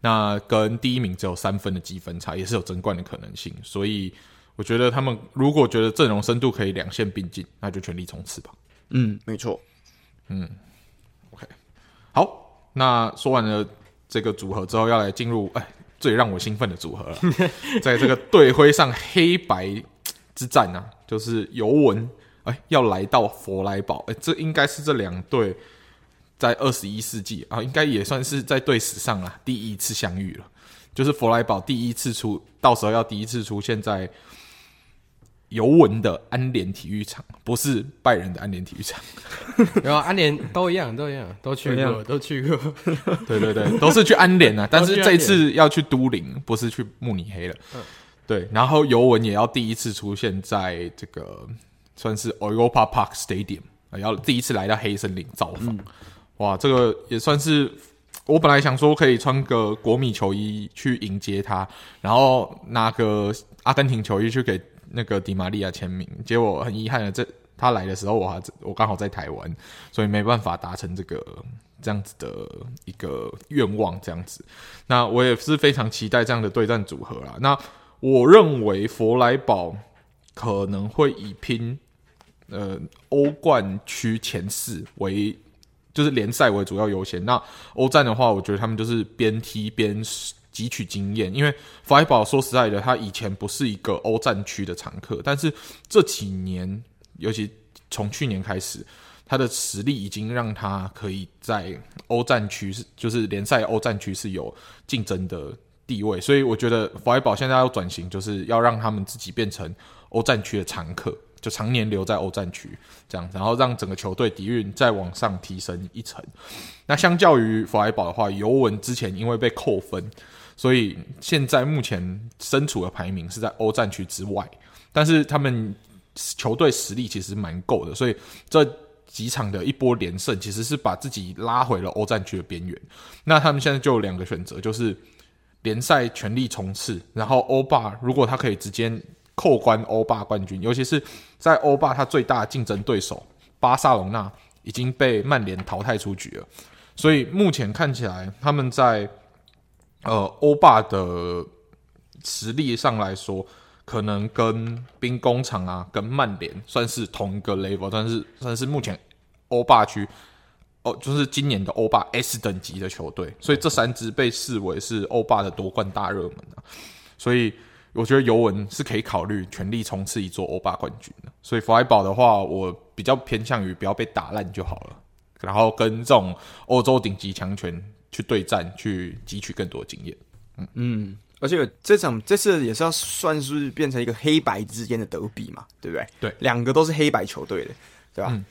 那跟第一名只有三分的積分差，也是有爭冠的可能性，所以。我覺得他們如果覺得陣容深度可以兩線並進，那就全力衝刺吧。嗯，沒錯。嗯，OK，好。那說完了這個組合之後，要來進入哎，最讓我興奮的組合了， 在這個隊徽上黑白之戰啊，就是尤文哎要來到佛萊堡哎，這應該是這兩隊在二十一世紀啊，應該也算是在隊史上啦第一次相遇了，就是佛萊堡第一次出，到時候要第一次出現在。尤文的安聯體育場，不是拜仁的安聯體育場，然後安聯、 啊、都一樣，都一樣，都去過，都，都去過， 對對對，都是去安聯啊。 但是這一次要去都靈，不是去慕尼黑了。嗯、對，然後尤文也要第一次出現在這個算是 Europa Park Stadium，要第一次來到黑森林造訪。嗯、哇，這個也算是我本來想說可以穿個國米球衣去迎接他，然後拿個阿根廷球衣去給。那個迪瑪利亞簽名，結果很遺憾的，這他來的時候我還，我我剛好在台灣，所以沒辦法達成這個這樣子的一個願望。這樣子，那我也是非常期待這樣的對戰組合啦。那我認為佛萊堡可能會以拼呃歐冠區前四為，就是聯賽為主要優先。那歐戰的話，我覺得他們就是邊踢邊。汲取經驗，因為弗萊堡說實在的，他以前不是一個歐戰區的常客，但是這幾年，尤其從去年開始，他的實力已經讓他可以在歐戰區就是聯賽歐戰區是有競爭的地位。所以，我覺得弗萊堡現在要轉型，就是要讓他們自己變成歐戰區的常客，就常年留在歐戰區這樣，然後讓整個球隊底蘊再往上提升一層。那相較於弗萊堡的話，尤文之前因為被扣分。所以現在目前身處的排名是在歐戰區之外，但是他們球隊實力其實蠻夠的，所以這幾場的一波連勝其實是把自己拉回了歐戰區的邊緣。那他們現在就有兩個選擇，就是聯賽全力衝刺，然後歐霸如果他可以直接扣關歐霸冠軍，尤其是在歐霸他最大的競爭對手巴薩隆納已經被曼聯淘汰出局了，所以目前看起來他們在。呃，歐霸的實力上來說，可能跟兵工廠啊、跟曼聯算是同一個 level，但是但是目前歐霸區，哦，就是今年的歐霸 S 等級的球隊，所以這三支被視為是歐霸的奪冠大熱門啊。所以我覺得尤文是可以考慮全力衝刺一座歐霸冠軍的。所以弗萊堡的話，我比較偏向於不要被打爛就好了，然後跟這種歐洲頂級強權。去對戰，去汲取更多經驗。嗯，嗯，而且這場這次也是要算是，是變成一個黑白之間的德比嘛，對不對？對，兩個都是黑白球隊的，對吧？嗯、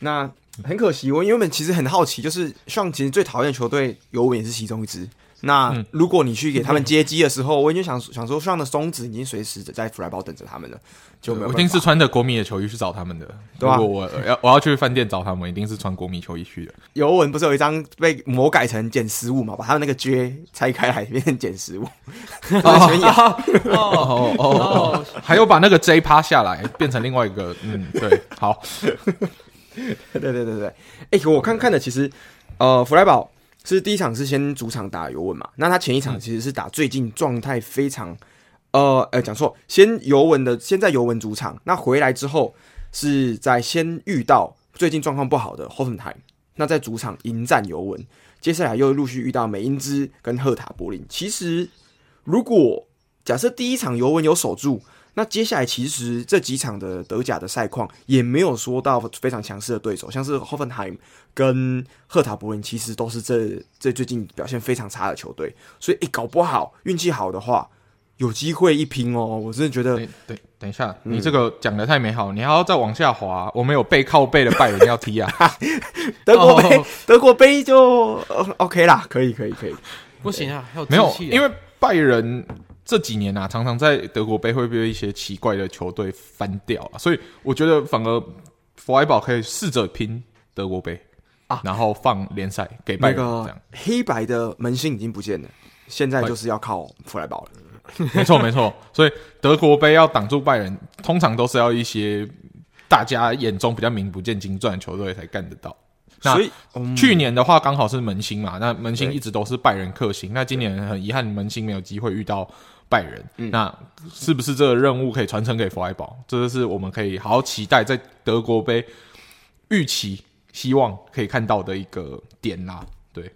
那很可惜，我因為我們其實很好奇，就是上屆最討厭球隊尤文也是其中一支。那如果你去給他們接機的時候，嗯、我已經想想說，上的松子已經隨時在弗萊堡等着他們了，就沒有。我一定是穿的國米的球衣去找他們的，對吧、啊？我要我要去飯店找他們，一定是穿國米球衣去的。尤文不是有一張被魔改成撿食物嘛？把他的那個 J 拆開來變成撿食物。哦、oh, 還有把那個 J 趴下來變成另外一個，嗯，對，好。 對對對對哎、欸，我看看的，其實呃，弗萊堡。是第一場是先主場打尤文嘛？那他前一場其實是打最近狀態非常，嗯、呃，呃、欸，講錯，先尤文的，先在尤文主場。那回來之後是在先遇到最近狀況不好的霍芬海姆，那在主場迎戰尤文，接下來又陸續遇到美因茲跟赫塔柏林。其實如果假設第一場尤文有守住。那接下來其實這幾場的德甲的賽況也沒有說到非常強勢的對手，像是霍芬海姆跟赫塔柏林，其實都是這這最近表現非常差的球隊，所以、欸、搞不好運氣好的話，有機會一拼哦。我真的覺得，欸、對，等一下，嗯、你這個講的太美好，你還要再往下滑，我們有背靠背的拜仁 要踢啊， 德國杯，oh. 德國杯就 OK 啦，可以，可以，可以， 對不行啊，有啊沒有？因為拜仁。這幾年啊，常常在德國杯會被一些奇怪的球隊翻掉、啊，所以我覺得反而弗萊堡可以試着拼德國杯啊，然後放聯賽給拜仁。那個、這樣黑白的門興已經不見了，現在就是要靠弗萊堡了。 沒錯，沒錯。所以德國杯要擋住拜仁，通常都是要一些大家眼中比較名不見經傳的球隊才幹得到。那所以、嗯、去年的話，剛好是門興嘛，那門興一直都是拜仁克星。對那今年很遺憾，門興沒有機會遇到。拜仁，嗯、那是不是這個任務可以傳承給弗萊堡？這就、個、是我們可以好好期待，在德國杯預期、希望可以看到的一個點啦、啊。對，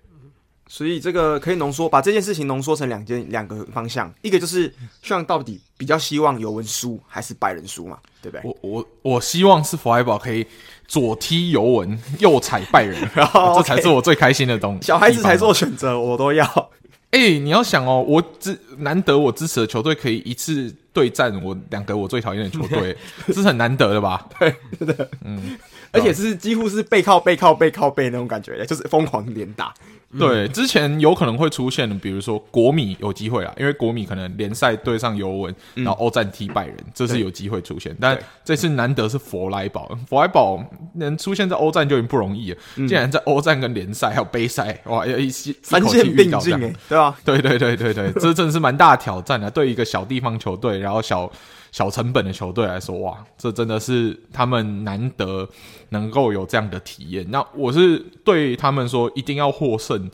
所以這個可以濃縮，把這件事情濃縮成兩件、兩個方向，一個就是希望到底，比較希望尤文輸還是拜仁輸嘛？對不對？我我我希望是弗萊堡可以左踢尤文，右踩拜仁， 然後 這才是我最開心的東西。 小孩子才做選擇，我都要。 哎、欸，你要想哦，我支難得我支持的球隊可以一次對戰我兩個我最討厭的球隊， 這是很難得的吧？ 對，對對對，嗯。而且是幾乎是背靠背靠背靠背那種感覺的，就是瘋狂連打。嗯、對，之前有可能會出現，比如說國米有機會啊，因為國米可能聯賽對上尤文，然後歐戰踢拜仁，嗯、這是有機會出現。對但這次難得是佛萊堡，佛萊堡能出現在歐戰就已經不容易了，嗯、竟然在歐戰跟、跟聯賽還有杯賽，哇，一起三線並進，哎，對吧、啊？對對對對對，這真的是蠻大的挑戰啊！ 對一個小地方球隊，然後小。小成本的球隊來說，哇，這真的是他們難得能夠有這樣的體驗。那我是對他們說，一定要獲勝，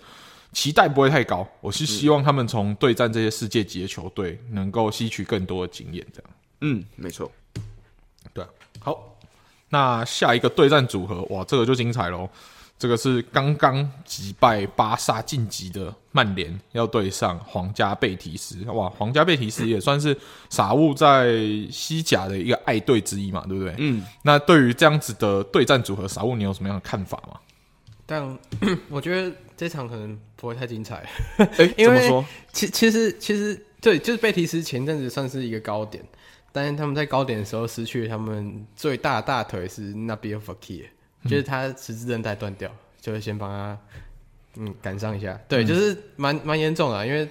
期待不會太高。我是希望他們從對戰這些世界級的球隊，能夠吸取更多的經驗。這樣，嗯，沒錯，對啊，好，那下一個對戰組合，哇，這個就精彩嘍。這個是剛剛擊敗巴薩晉級的曼聯，要對上皇家貝蒂斯，哇！皇家貝蒂斯也算是 Saul 在西甲的一個愛隊之一嘛，對不對？嗯。那對於這樣子的對戰組合，Saul 你有什麼樣的看法嗎？但我覺得這場可能不會太精彩，欸、因為怎麼說，其其實其實對，就是貝蒂斯前陣子算是一個高點，但是他們在高點的時候失去了他們最大的大腿，是 Nabil Fekir 就是他十字韌帶斷掉，就是先幫他，嗯，趕上一下。對，嗯、就是蠻蠻嚴重的，因為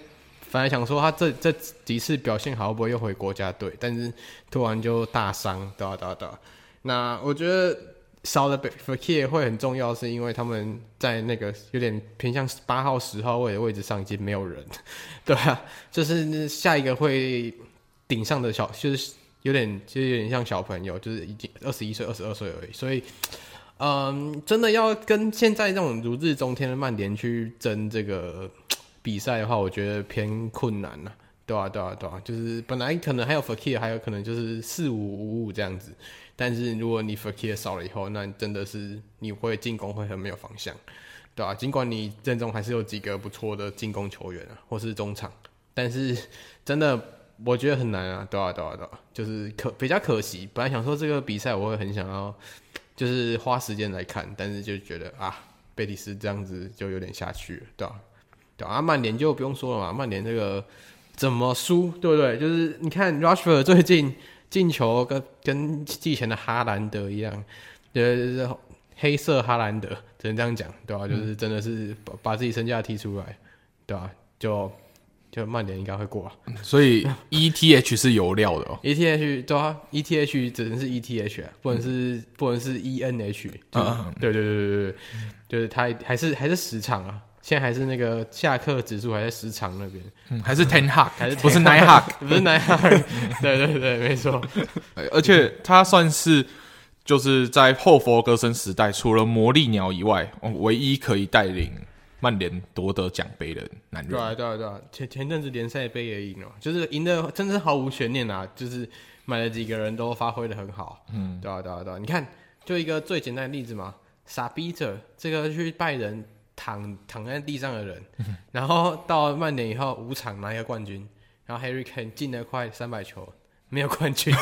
本來想說他這這幾次表現好，不會又回國家隊，但是突然就大傷，對啊對啊對啊。那我覺得少了貝福克會很重要，是因為他們在那個有點偏向八號、十號位的位置上已經沒有人。對啊，就是下一個會頂上的小，就是有點就是、有點像小朋友，就是已經二十一歲、二十二歲而已，所以。嗯，真的要跟現在這種如日中天的曼聯去爭這個比賽的話，我覺得偏困難啊。對啊，對啊，對啊，就是本來可能還有 Fekir 還有可能就是四五五五這樣子，但是如果你 Fekir 少了以後，那真的是你會進攻會很沒有方向，對啊，儘管你陣中還是有幾個不錯的進攻球員啊，或是中場，但是真的我覺得很難啊，對啊，對啊，對啊，就是可比較可惜，本來想說這個比賽我會很想要。就是花時間來看，但是就覺得啊，貝蒂斯這樣子就有點下去了，對啊，對啊，啊、曼聯就不用說了嘛，曼聯這個怎麼輸，對不對，對？就是你看 Rashford 最近進球跟跟季前的哈蘭德一樣，呃、就是，黑色哈蘭德只能這樣講，對吧、啊？就是真的是把、嗯、把自己身價踢出來，對吧、啊？就。就慢點應該會過啊，所以 ETH 是有料的哦、喔。 ETH 對啊，ETH 只能是 ETH，啊，不能是、嗯、不能是 ENH。啊、嗯，對對對對對，就是它還是還是時長啊，現在還是那個下課指數還在時長那邊，嗯、還是 Ten Hack，不是 Nine Hack，不是 Nine Hack。對對對，沒錯。而且它算是就是在後佛格森時代，除了魔力鳥以外，唯一可以帶領。曼聯奪得獎杯的男人，對啊對啊對啊，前前陣子聯賽杯也贏了，就是贏的，真是毫無懸念啊！就是買了幾個人都發揮的很好，嗯，對啊對啊對啊，你看，就一個最簡單的例子嘛，薩比策這個去拜仁躺躺在地上的人， 然後到曼聯以後五場拿一個冠軍，然後 Harry Kane 進了快三百球。沒有冠軍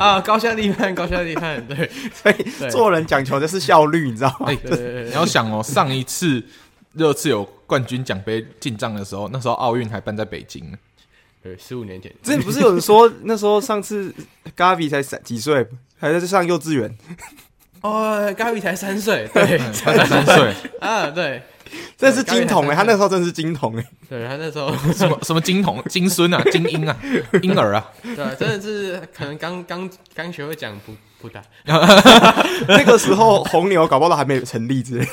啊！高效率派，高效率派，對，所以做人講求的是效率，你知道嗎？對，你要想哦，上一次熱刺有冠軍獎杯進賬的時候，那時候奧運還辦在北京呢。對，十五年前，這不是有人說那時候上次 Gavi 才幾歲，還在上幼稚園？哦 Gavi 才三歲，對，才三歲啊，對。這是金童、欸、他那時候真是金童哎、欸、嗯，對他那時候 什麼什麼金童金孫啊， 金嬰啊，嬰兒啊，對，真的是可能剛剛剛學會講不不打。 那個時候紅牛搞不好還沒有成立之類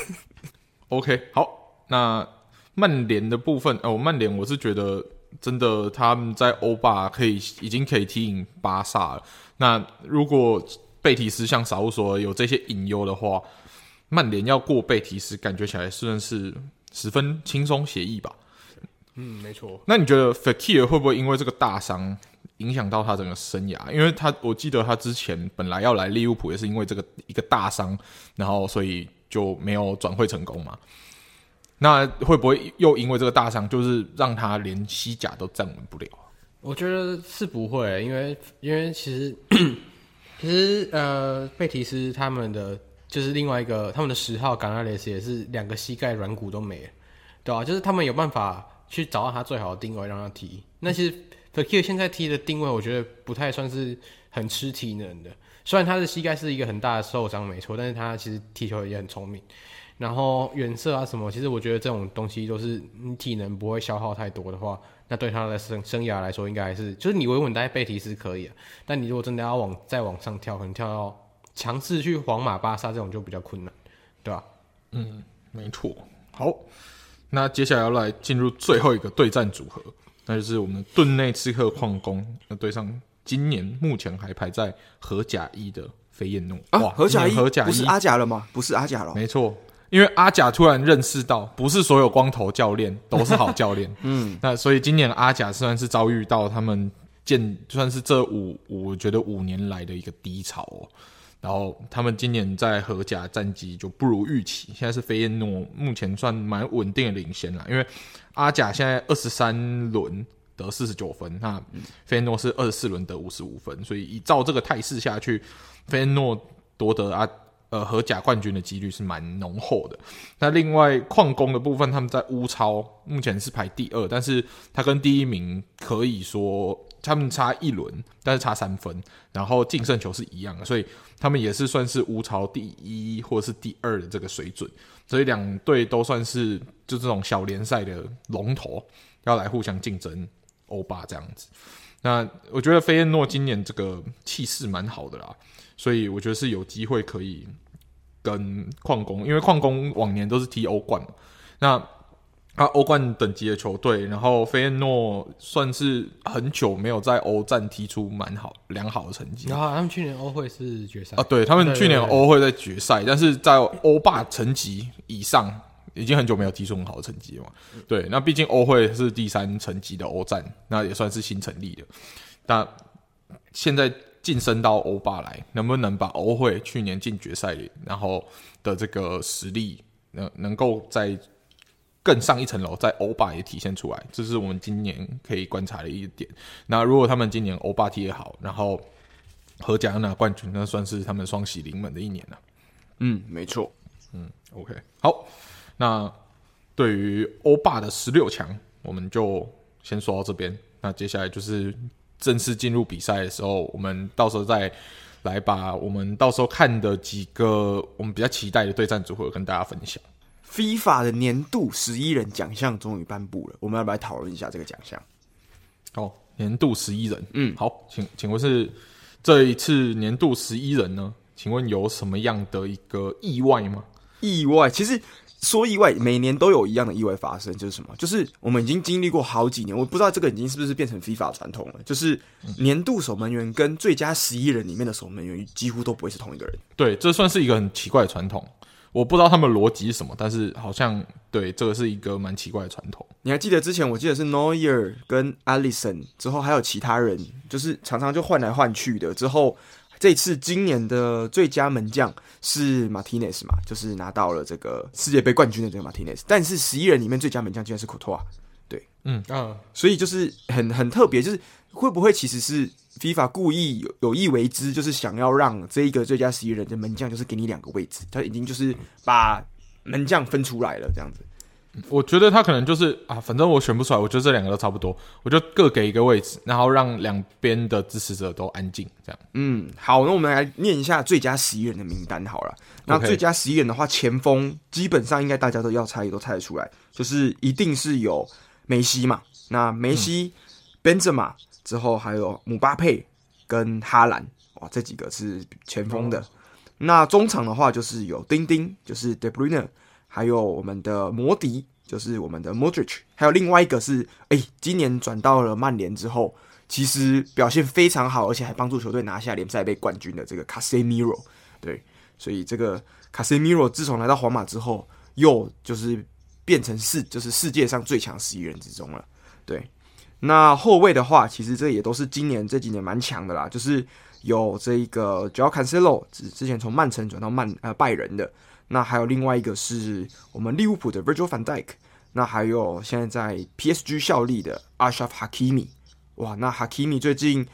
OK，好，那曼聯的部分哦，曼聯我是覺得真的他們在歐霸可以已經可以踢贏巴薩了。那如果貝提斯像 Saul 所有這些隱憂的話。曼聯要過貝提斯，感覺起來算是十分輕鬆寫意吧。嗯，沒錯。那你覺得 Fekir 會不會因為這個大傷影響到他整個生涯？因為他我記得他之前本來要來利物浦，也是因為這個一個大傷，然後所以就沒有轉會成功嘛。那會不會又因為這個大傷，就是讓他連西甲都站穩不了？我覺得是不會，因為因為其實 其實呃，貝提斯他們的。就是另外一個，他們的十號卡納萊斯，也是兩個膝蓋軟骨都沒了，對吧、啊？就是他們有辦法去找到他最好的定位，讓他踢。那其實費基爾現在踢的定位，我覺得不太算是很吃體能的。雖然他的膝蓋是一個很大的受傷，沒錯，但是他其實踢球也很聰明。然後遠射啊什麼，其實我覺得這種東西都是你體能不會消耗太多的話，那對他的生生涯來說，應該還是就是你穩穩待貝蒂斯可以啊。但你如果真的要往再往上跳，可能跳到。強勢去皇馬、巴薩這種就比較困難，對吧？嗯，沒錯。好，那接下來要來進入最後一個對戰組合，那就是我們頓內刺客礦工那對上今年目前還排在荷甲一的飛燕諾、啊、哇，荷甲一、荷甲不是阿甲了嗎？不是阿甲了、哦，沒錯。因為阿甲突然認識到，不是所有光頭教練都是好教練。 嗯，那所以今年阿甲雖然是遭遇到他們見算是這五，我覺得五年來的一個低潮哦。然後他們今年在荷甲戰績就不如預期，現在是菲耶諾目前算蠻穩定的領先了，因為阿賈現在二十三輪得四十九分，那菲耶諾是二十四輪得五十五分，所以依照這個態勢下去，菲耶諾奪得阿呃荷甲冠軍的幾率是蠻濃厚的。那另外礦工的部分，他們在烏超目前是排第二，但是他跟第一名可以說他們差一輪，但是差三分，然後淨勝球是一樣的，所以。他們也是算是烏超第一或者是第二的這個水準，所以兩隊都算是就這種小聯賽的龍頭，要來互相競爭歐霸這樣子。那我覺得菲耶諾今年這個氣勢蠻好的啦，所以我覺得是有機會可以跟礦工，因為礦工往年都是踢歐冠，那。他歐、啊、冠等級的球隊，然後菲耶諾算是很久沒有在歐戰踢出蠻好良好的成績。然後他們去年歐會是決賽啊？對，他們去年歐會在決賽，對對對對，但是在歐霸層級以上已經很久沒有踢出很好的成績了嘛。嗯、對，那畢竟歐會是第三層級的歐戰，那也算是新成立的。那現在晉升到歐霸來，能不能把歐會去年進決賽裡，然後的這個實力能能夠在更上一層樓，在歐霸也體現出來，這是我們今年可以觀察的一點。那如果他們今年歐霸踢得好，然後和獎拿冠軍，那算是他們雙喜臨門的一年了，啊。嗯，沒錯。嗯，OK，好。那對於歐霸的十六強，我們就先說到這邊。那接下來就是正式進入比賽的時候，我們到時候再來把我們到時候看的幾個我們比較期待的對戰組合跟大家分享。FIFA 的年度十一人獎項終於頒布了，我們要不要來討論一下這個獎項？哦，年度十一人，嗯，好，請請問是這一次年度十一人呢？請問有什麼樣的一個意外嗎？意外，其實說意外，每年都有一樣的意外發生，就是什麼？就是我們已經經歷過好幾年，我不知道這個已經是不是變成 FIFA 傳統了，就是年度守門員跟最佳十一人裡面的守門員幾乎都不會是同一個人。對，這算是一個很奇怪的傳統。我不知道他們邏輯是什麼，但是好像對這個是一個蠻奇怪的傳統。你還記得之前，我記得是 Neuer 跟 Alison 之後還有其他人，就是常常就換來換去的。之後這次今年的最佳門將是 Martinez 嘛，就是拿到了這個世界杯冠軍的這個 Martinez。但是十一人裡面最佳門將竟然是 Courtois，嗯、啊，對，嗯啊，所以就是很很特別，就是。會不會其實是 FIFA 故意有,有意為之，就是想要讓這一個最佳十一人的門將，就是給你兩個位置，他已經就是把門將分出來了，這樣子。我覺得他可能就是啊，反正我選不出來，我覺得這兩個都差不多，我就各給一個位置，然後讓兩邊的支持者都安靜。這樣。嗯，好，那我們來念一下最佳十一人的名單好了。那最佳十一人的話前，前鋒基本上應該大家都要猜，都猜得出來，就是一定是有梅西嘛，那梅西、Benzema、嗯。Ben 之後還有姆巴佩跟哈蘭，哇，這幾個是前鋒的。鋒，那中場的話就是有丁丁，就是 De Bruyne，還有我們的摩迪，就是我們的 Modric，還有另外一個是，哎、欸，今年轉到了曼聯之後，其實表現非常好，而且還幫助球隊拿下聯賽杯冠軍的這個 Casemiro。對，所以這個 Casemiro 自從來到皇馬之後，又就是變成世，就是世界上最強十一人之中了。對。那後衛的話，其實這也都是今年這幾年蠻強的啦，就是有這一個 Joao Cancelo 之之前從曼城轉到曼呃拜仁的。那還有另外一個是我們利物浦的 Virgil Van Dijk，那還有現在在 PSG 效力的 Ashraf Hakimi，哇，那 Hakimi 最近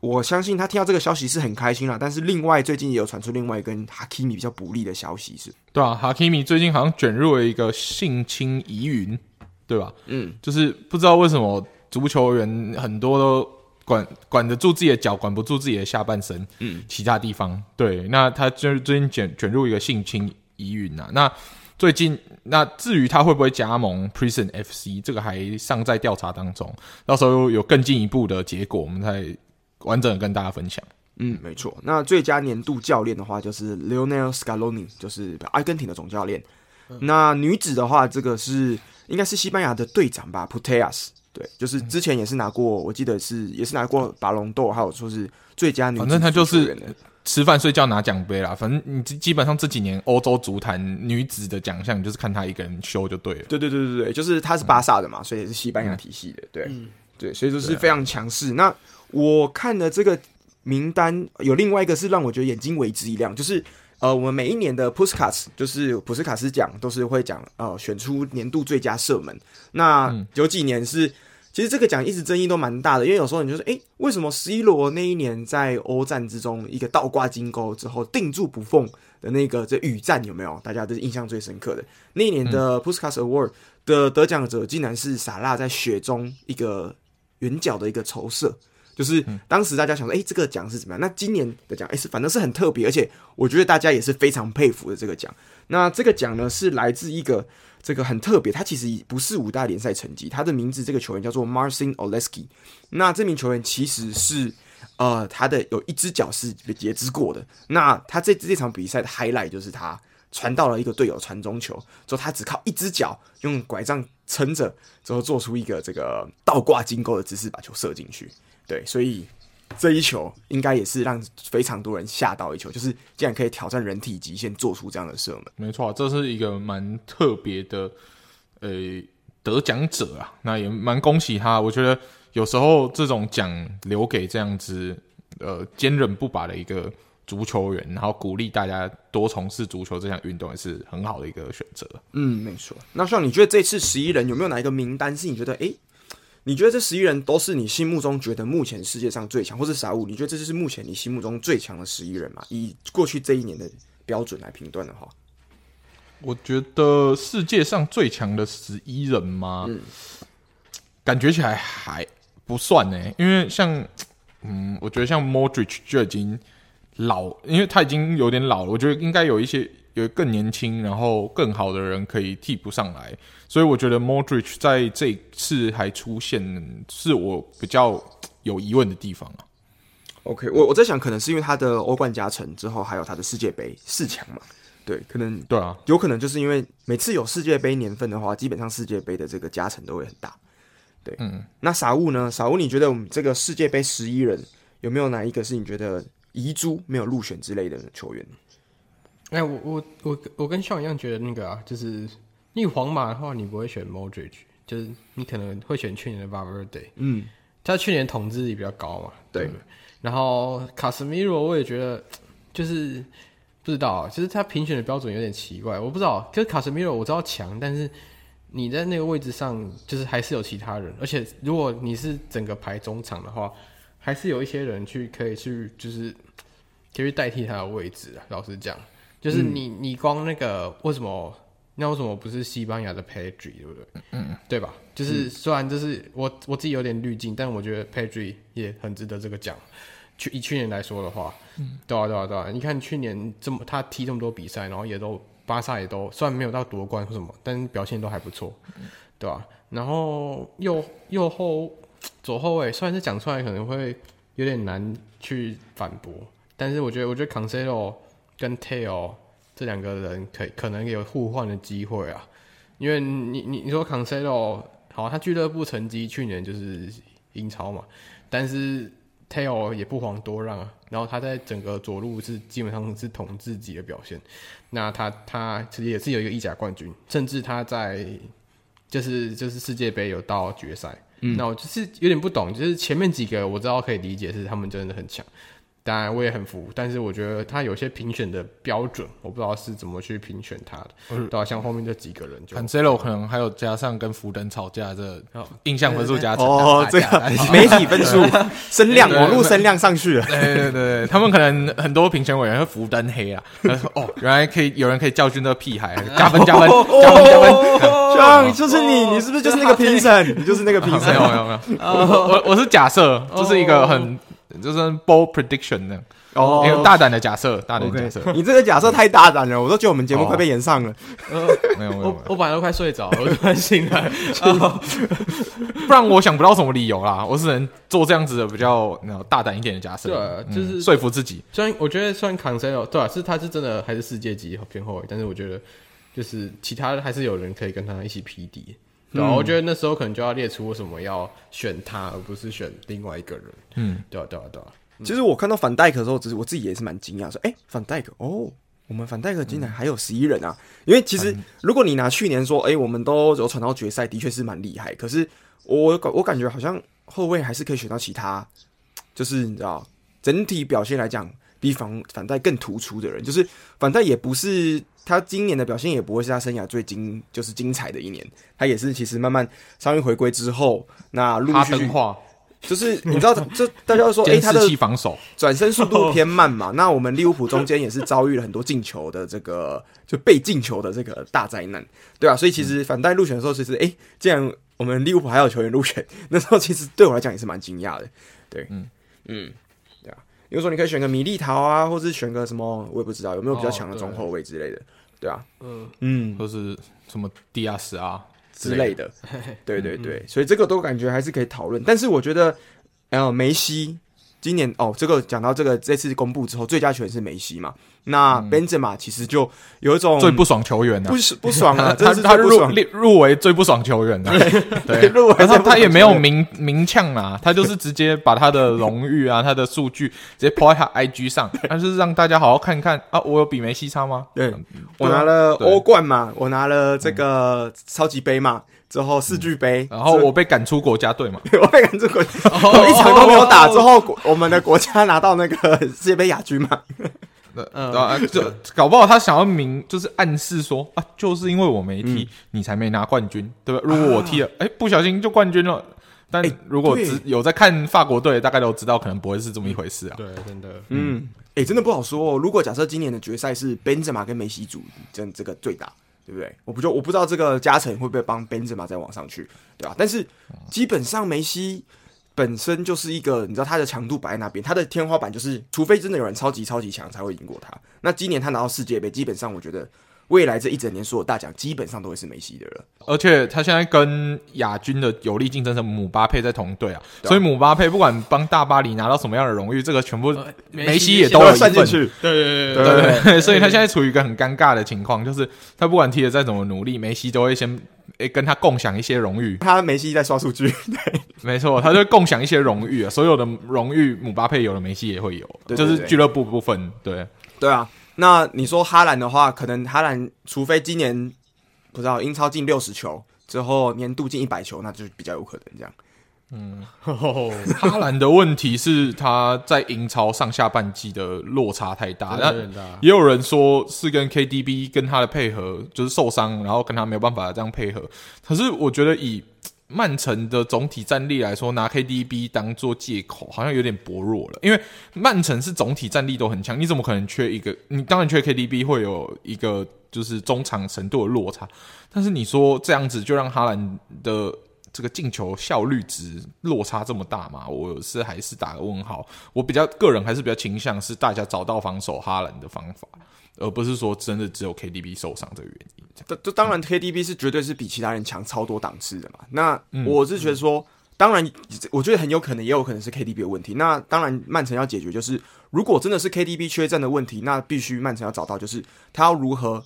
我相信他聽到這個消息是很開心啦，但是另外最近也有傳出另外一個跟 Hakimi 比較不利的消息是，對啊，Hakimi 最近好像捲入了一個性侵疑雲，對吧？嗯，就是不知道為什麼。足球員很多都管管得住自己的腳，管不住自己的下半身。嗯，其他地方對，那他就是最近捲捲入一個性侵疑雲啊。那最近，那至於他會不會加盟 Prison FC，這個還尚在調查當中。到時候有更進一步的結果，我們再完整跟大家分享。嗯，沒錯。那最佳年度教練的話，就是 Leonel Scaloni，就是阿根廷的總教練。嗯、那女子的話，這個是應該是西班牙的隊長吧，Putellas。對，就是之前也是拿過，嗯、我記得是也是拿過巴隆多，還有說是最佳女。反正他就是吃飯睡覺拿獎盃啦。反正你基本上這幾年歐洲足壇女子的獎項，你就是看她一個人秀就對了。對對對對對，就是她是巴薩的嘛，嗯、所以也是西班牙體系的。對、嗯、對，所以就是非常強勢。啊、那我看的這個名單有另外一個，是讓我覺得眼睛為之一亮，就是呃，我們每一年的普斯卡斯就是普斯卡斯獎，都是會講呃選出年度最佳射門。那、嗯、有幾年是。其實這個獎一直爭議都蠻大的，因為有時候你就是，誒，為什麼 C 羅那一年在歐戰之中一個倒掛金鈎之後定住不放的那個這雨戰有沒有？大家都是印象最深刻的那一年的 Puskas Award 的得獎者，竟然是薩拉在雪中一個遠角的一個投射。就是當時大家想說，哎、欸，這個獎是怎麼樣？那今年的獎，哎、欸，是反正是很特別，而且我覺得大家也是非常佩服的這個獎。那這個獎呢，是來自一個這個很特別，它其實不是五大聯賽成績。他的名字，這個球員叫做 Marcin Oleksy。那這名球員其實是呃，他的有一隻腳是被截肢過的。那他這這場比賽的 highlight 就是他傳到了一個隊友傳中球，之後他只靠一隻腳用拐杖撐着，之後做出一個這個倒掛金鈎的姿勢，把球射進去。對，所以這一球應該也是讓非常多人嚇到一球，就是竟然可以挑戰人體極限做出這樣的射門。沒錯、啊，這是一個蠻特別的，呃、欸，得獎者啊，那也蠻恭喜他。我覺得有時候這種獎留給這樣子，呃，堅韌不拔的一個足球員，然後鼓勵大家多從事足球這項運動，也是很好的一個選擇。嗯，沒錯。那像你覺得這次十一人有沒有哪一個名單是你覺得哎？欸你覺得這十一人都是你心目中覺得目前世界上最強，或是啥物？你覺得這就是目前你心目中最強的十一人嗎？以過去這一年的標準來評斷的話，我覺得世界上最強的十一人嗎？嗯、感覺起來還不算呢、欸，因為像，嗯，我覺得像 Modric 就已經老，因為他已經有點老了。我覺得應該有一些。有更年輕，然後更好的人可以替補上來，所以我覺得 Modric 在這次還出現，是我比較有疑問的地方啊。OK，我我在想，可能是因為他的歐冠加成之後，還有他的世界杯四強嘛？對，可能對啊，有可能就是因為每次有世界杯年份的話，基本上世界杯的這個加成都會很大。對，嗯，那 Saul 呢？Saul，你覺得我們這個世界杯十一人有沒有哪一個是你覺得遺珠沒有入選之類的球員？哎、欸，我我我我跟 Saul 一樣覺得那個啊，就是你皇馬的話，你不會選 Modric，就是你可能會選去年的 Valverde，嗯，他去年的統治力比較高嘛。對。嗯、然後 Casemiro，我也覺得就是不知道、啊，其實、就是、他評選的標準有點奇怪，我不知道。可是 Casemiro 我知道強，但是你在那個位置上，就是還是有其他人，而且如果你是整個排中場的話，還是有一些人去可以去就是可以去代替他的位置。老實講。就是你，嗯、你光那個為什麼？那為什麼不是西班牙的 Pedri，對不對？嗯，對吧？就是雖然就是我我自己有點濾鏡，但我覺得 Pedri 也很值得這個獎。去以去年來說的話，嗯，對啊，對啊，對啊。你看去年這麼他踢這麼多比賽，然後也都巴薩也都雖然沒有到奪冠或什麼，但是表現都還不錯，對啊。然後右右後左後衛，雖然是講出來可能會有點難去反駁，但是我覺得我覺得 Cancelo 跟 Theo 這兩個人可，可可能有互換的機會啊，因為你你你說 Cancelo 好，他俱樂部成績去年就是英超嘛，但是 Theo 也不遑多讓啊，然後他在整個左路是基本上是統治級的表現，那他他其實也是有一個意甲冠軍，甚至他在就是就是世界杯有到決賽，嗯，那我就是有點不懂，就是前面幾個我知道可以理解是他們真的很強。當然我也很服，但是我覺得他有些評選的標準，我不知道是怎麼去評選他的。對啊，像後面這幾個人，就很 zero，可能還有加上跟福登吵架，這印象分數加起來哦，這個媒體分數聲量網絡聲量上去了。對對對，他們可能很多評選委員會福登黑啊，他說哦，原來可以有人可以教訓那個屁孩，加分加分加分加分，就是你，你是不是就是那個評審？你就是那個評審？沒有沒有，我我是假設，就是一個很。就是 bold prediction 那樣，一個大膽的假設，大膽假設。你這個假設太大膽了，我都覺得我們節目快被演上了。沒有，我我本來都快睡着了，突然醒來。不然我想不到什麼理由啦，我只能做這樣子的比較大膽一點的假設，就是說服自己。雖然我覺得雖然康森有對吧，是他是真的還是世界級偏後，但是我覺得就是其他還是有人可以跟他一起匹敵。對啊，我覺得那時候可能就要列出為什麼要選他，而不是選另外一個人。嗯，對啊，對啊，對啊，對啊。其實我看到范戴克的時候，只是我自己也是蠻驚訝，說：“哎，范戴克哦，我們范戴克竟然還有十一人啊！”嗯，因為其實如果你拿去年說，哎，我們都有闖到決賽，的確是蠻厲害。可是我我感覺好像後衛還是可以選到其他，就是你知道，整體表現來講，比范、范戴更突出的人，就是范戴也不是。他今年的表現也不會是他生涯最精，就是精彩的一年，他也是其實慢慢傷愈回歸之後，那陸續，續化，就是你知道，這 大家說，誒，他的防守轉、欸、身速度偏慢嘛？Oh. 那我們利物浦中間也是遭遇了很多進球的這個就被進球的這個大災難，對啊。所以其實反倒入選的時候，其實哎、嗯欸，既然我們利物浦還有球員入選，那時候其實對我來講也是蠻驚訝的，對，嗯嗯。嗯。比如說，你可以選個米利唐啊，或者選個什麼，我也不知道有沒有比較強的中後衛之類的，哦、對啊，嗯或是什麼迪亞斯啊之類的，對對對，嗯嗯所以這個都感覺還是可以討論。但是我覺得，哎梅西。今年哦，這個講到這個，這次公布之後，最佳球員是梅西嘛？那本澤馬其實就有一種最不爽球員，不不爽啊！他是他入列入圍最不爽球員的，對，入圍。他他也沒有明明嗆啊，他就是直接把他的榮譽啊、他的數據直接拋在他 IG 上，他就是讓大家好好看看啊，我有比梅西差嗎？對，我拿了歐冠嘛，我拿了這個超級盃嘛。之後世俱杯，然後我被趕出國家隊嘛，我被趕出國，我一場都沒有打。之後我們的國家拿到那個世界杯亞軍嘛，搞不好他想要明就是暗示說啊，就是因為我沒踢，你才沒拿冠軍，對吧？如果我踢了，哎，不小心就冠軍了。但如果只有在看法國隊，大概都知道可能不會是這麼一回事啊。對，真的，嗯，哎，真的不好說哦。如果假設今年的決賽是本澤馬跟梅西組爭這個最大。對不對？我不就我不知道這個加成會不會幫 Benzema 再往上去，對吧？但是基本上梅西本身就是一個，你知道他的強度擺在那邊，他的天花板就是，除非真的有人超級超級強才會贏過他。那今年他拿到世界杯，基本上我覺得。未來這一整年所有大獎基本上都會是梅西的了，而且他現在跟亞軍的有力競爭者姆巴佩在同隊啊，所以姆巴佩不管幫大巴黎拿到什麼樣的榮譽，這個全部梅西也都算進去。對對對對，所以他現在處於一個很尷尬的情況，就是他不管踢得再怎麼努力，梅西都會先誒跟他共享一些榮譽。他梅西在刷數據，對，沒錯，他就共享一些榮譽啊，所有的榮譽姆巴佩有了，梅西也會有，就是俱樂部部分。對對啊。那你說哈蘭的話，可能哈蘭除非今年不知道英超進六十球之後年度進一百球，那就比較有可能這樣。嗯，呵呵呵 哈蘭的問題是他在英超上下半季的落差太大， 也有人說是跟 KDB 跟他的配合就是受傷，然後跟他沒有辦法這樣配合。可是我覺得以曼城的總體戰力來說，拿 KDB 當做借口，好像有點薄弱了。因為曼城是總體戰力都很強，你怎麼可能缺一個？你當然缺 KDB 會有一個就是中場程度的落差，但是你說這樣子就讓哈蘭的這個進球效率值落差這麼大嘛？我是還是打個問號。我比較個人還是比較傾向是大家找到防守哈蘭的方法。而不是說真的只有 KDB 受傷這個原因，這這當然 KDB 是絕對是比其他人強超多檔次的嘛。那我是覺得說，嗯嗯、當然我覺得很有可能也有可能是 KDB 的問題。那當然曼城要解決就是，如果真的是 KDB 缺陣的問題，那必須曼城要找到就是他要如何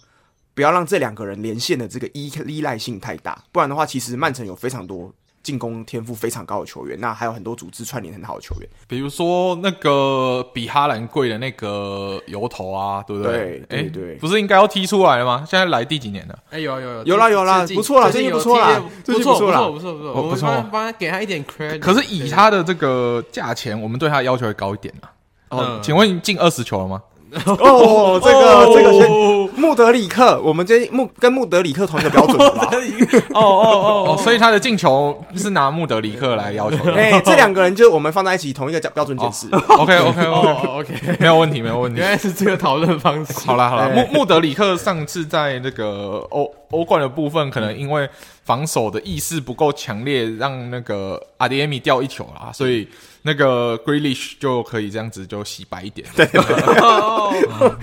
不要讓這兩個人連線的這個依依賴性太大，不然的話其實曼城有非常多。進攻天賦非常高的球員，那還有很多組織串聯很好的球員，比如說那個比哈蘭貴的那個油頭啊，對不對？對對，哎，不是應該要踢出來了嗎？現在來第幾年了？哎有有有有啦有啦，不錯了，最近不錯了，最近不錯了，不錯不錯不錯，我們幫他給他一點 credit。可是以他的這個價錢，我們對他要求會高一點啊。哦，請問你進二十球了嗎？哦，這個這個是穆德里克，我們今天穆跟穆德里克同一個標準的吧 哦？哦哦哦，所以他的進球是拿穆德里克來要求的。哎，這兩個人就是我們放在一起同一個標準解釋。OK OK OK，哦，OK，哦，沒有問題，沒有問題，原來是這個討論方式。 好了好了，穆，哎，穆德里克上次在那個歐歐冠的部分，可能因為防守的意識不夠強烈，讓那個阿迪耶米掉一球啦，所以。那個 Grealish 就可以這樣子就洗白一點，對，哦，哦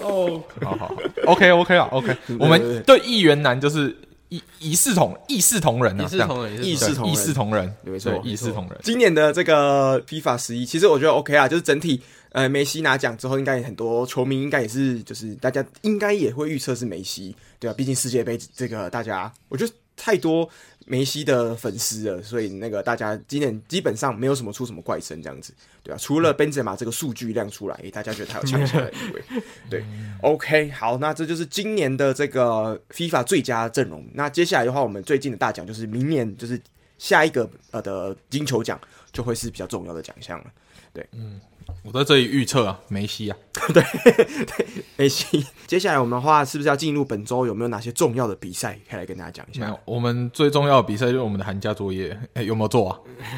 哦好好，好，OK OK 啊，OK，對對對我們對議員男就是一一視同一視同仁啊，一視對同仁，一視同仁，沒一視同仁。今年的這個 FIFA 十一，其實我覺得 OK 啊，就是整體，呃，梅西拿獎之後，應該很多球迷應該也是，就是大家應該也會預測是梅西，對啊。畢竟世界杯這個大家，我覺得太多。梅西的粉絲了，所以那個大家今年基本上沒有什麼出什麼怪聲，這樣子，對啊，除了 Benzema 這個數據亮出來，嗯欸，大家覺得他有搶戲的意味。 對、嗯，OK，好，那這就是今年的這個 FIFA 最佳陣容。那接下來的話，我們最近的大獎就是明年，就是下一個呃的金球獎，就會是比較重要的獎項了。對，嗯。我在這裡預測啊，梅西啊，對 對，梅西。接下來我們的話是不是要進入本周有沒有哪些重要的比賽，可以來跟大家講一下？我們最重要的比賽就是我們的寒假作業，哎、欸，有沒有做啊？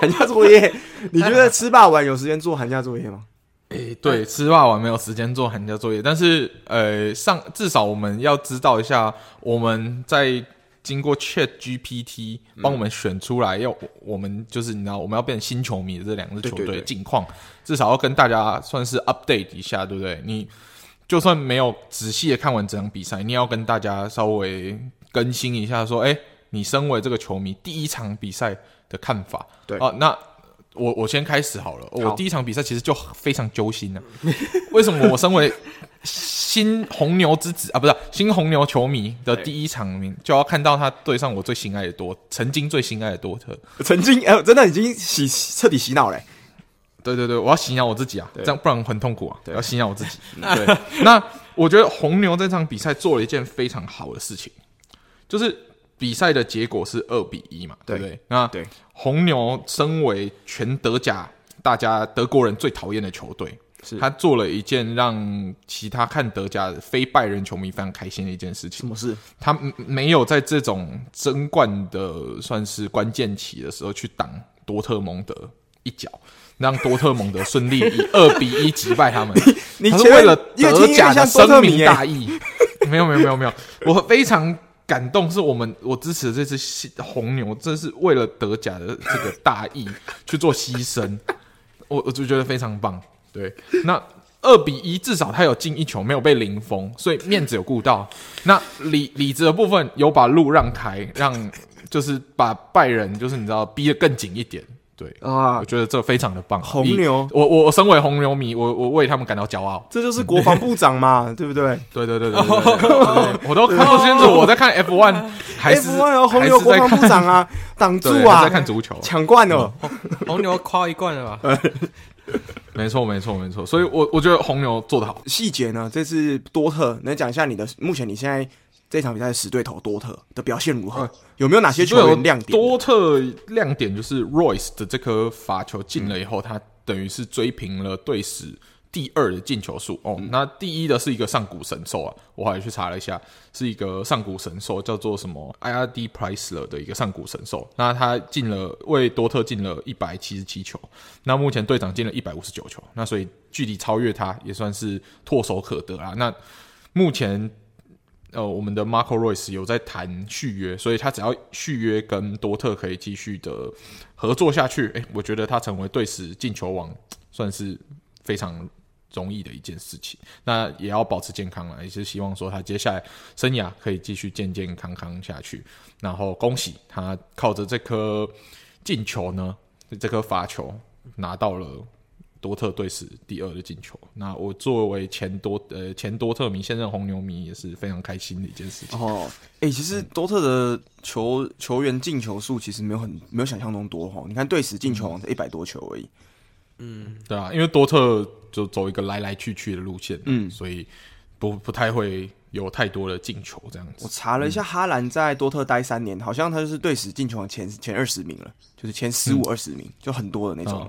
寒假作業？ 你覺得吃霸王有時間做寒假作業嗎？哎、欸，對，吃霸王沒有時間做寒假作業，但是呃，上至少我們要知道一下我們在。經過 ChatGPT 幫我們選出來，要我們就是你知道，我們要變新球迷的這兩支球隊的近況，至少要跟大家算是 update 一下，對不對？你就算沒有仔細的看完整場比賽，你也要跟大家稍微更新一下，說，哎，你身為這個球迷，第一場比賽的看法，對啊？那我我先開始好了，我第一場比賽其實就非常揪心呢、啊，為什麼我身為？ 新紅牛之子啊，不是新紅牛球迷的第一場，就要看到他對上我最心愛的多，曾經最心愛的多特，曾經哎、啊，真的已經洗徹底洗腦嘞、欸。對對對，我要洗腦我自己啊，對這樣不然我很痛苦啊，對我要洗腦我自己對 對。那我覺得紅牛這場比賽做了一件非常好的事情，就是比賽的結果是二比一嘛，對不對？啊，對，紅牛身為全德甲大家德國人最討厭的球隊。是他做了一件讓其他看德甲非拜仁球迷非常開心的一件事情。什麼事？他沒有在這種爭冠的算是關鍵期的時候去擋多特蒙德一腳，讓多特蒙德順利以二比一擊敗他們。你是為了德甲的深明大義。沒有沒有沒有沒有，我非常感動。是我們我支持的這支紅牛，真是為了德甲的這個大義去做犧牲，我我就覺得非常棒。對，那二比一至少他有進一球，沒有被零封，所以面子有顧到。那裡裡子的部分有把路讓開，讓就是把拜仁就是你知道逼得更緊一點。對啊，我覺得這非常的棒。紅牛，我我身為紅牛迷，我我為他們感到驕傲。這就是國防部長嘛，對不對？對對對對，我都看到現在。我在看 F1，還是 F1？紅牛國防部長啊，擋住啊！你在看足球，搶冠了。紅牛誇一冠了吧？沒錯，沒錯，沒錯。所以，我我覺得紅牛做得好。細節呢？這次多特，能講一下你的目前你現在？這場比賽的死對頭多特的表現如何？呃、有沒有哪些球員亮點？多特亮點就是 Royce 的這顆罰球進了以後，嗯、他等於是追平了隊史第二的進球數哦。嗯、那第一的是一個上古神獸啊，我還去查了一下，是一個上古神獸叫做什麼 IRD Price 的一個上古神獸。那他進了，為多特進了一百七十七球，那目前隊長進了一百五十九球，那所以距離超越他也算是唾手可得啊。那目前。呃，我們的 Marco Rose 有在談續約，所以他只要續約跟多特可以繼續的合作下去，誒，我覺得他成為隊史進球王算是非常容易的一件事情。那也要保持健康了，也是希望說他接下來生涯可以繼續健健康康下去。然後恭喜他靠着這顆進球呢，這顆罰球拿到了。多特隊史第二的進球，那我作為前多呃前多特迷，現任紅牛迷也是非常開心的一件事情哦。哎、欸，其實多特的球、嗯、球員進球數其實沒有很沒有想象中多哈、哦，你看隊史進球王才一百多球而已。嗯，嗯對啊，因為多特就走一個來來去去的路線，嗯，所以不不太會有太多的進球這樣子。我查了一下，哈蘭在多特待三年，嗯、好像他就是隊史進球王前前二十名了，就是前十五二十名，就很多的那種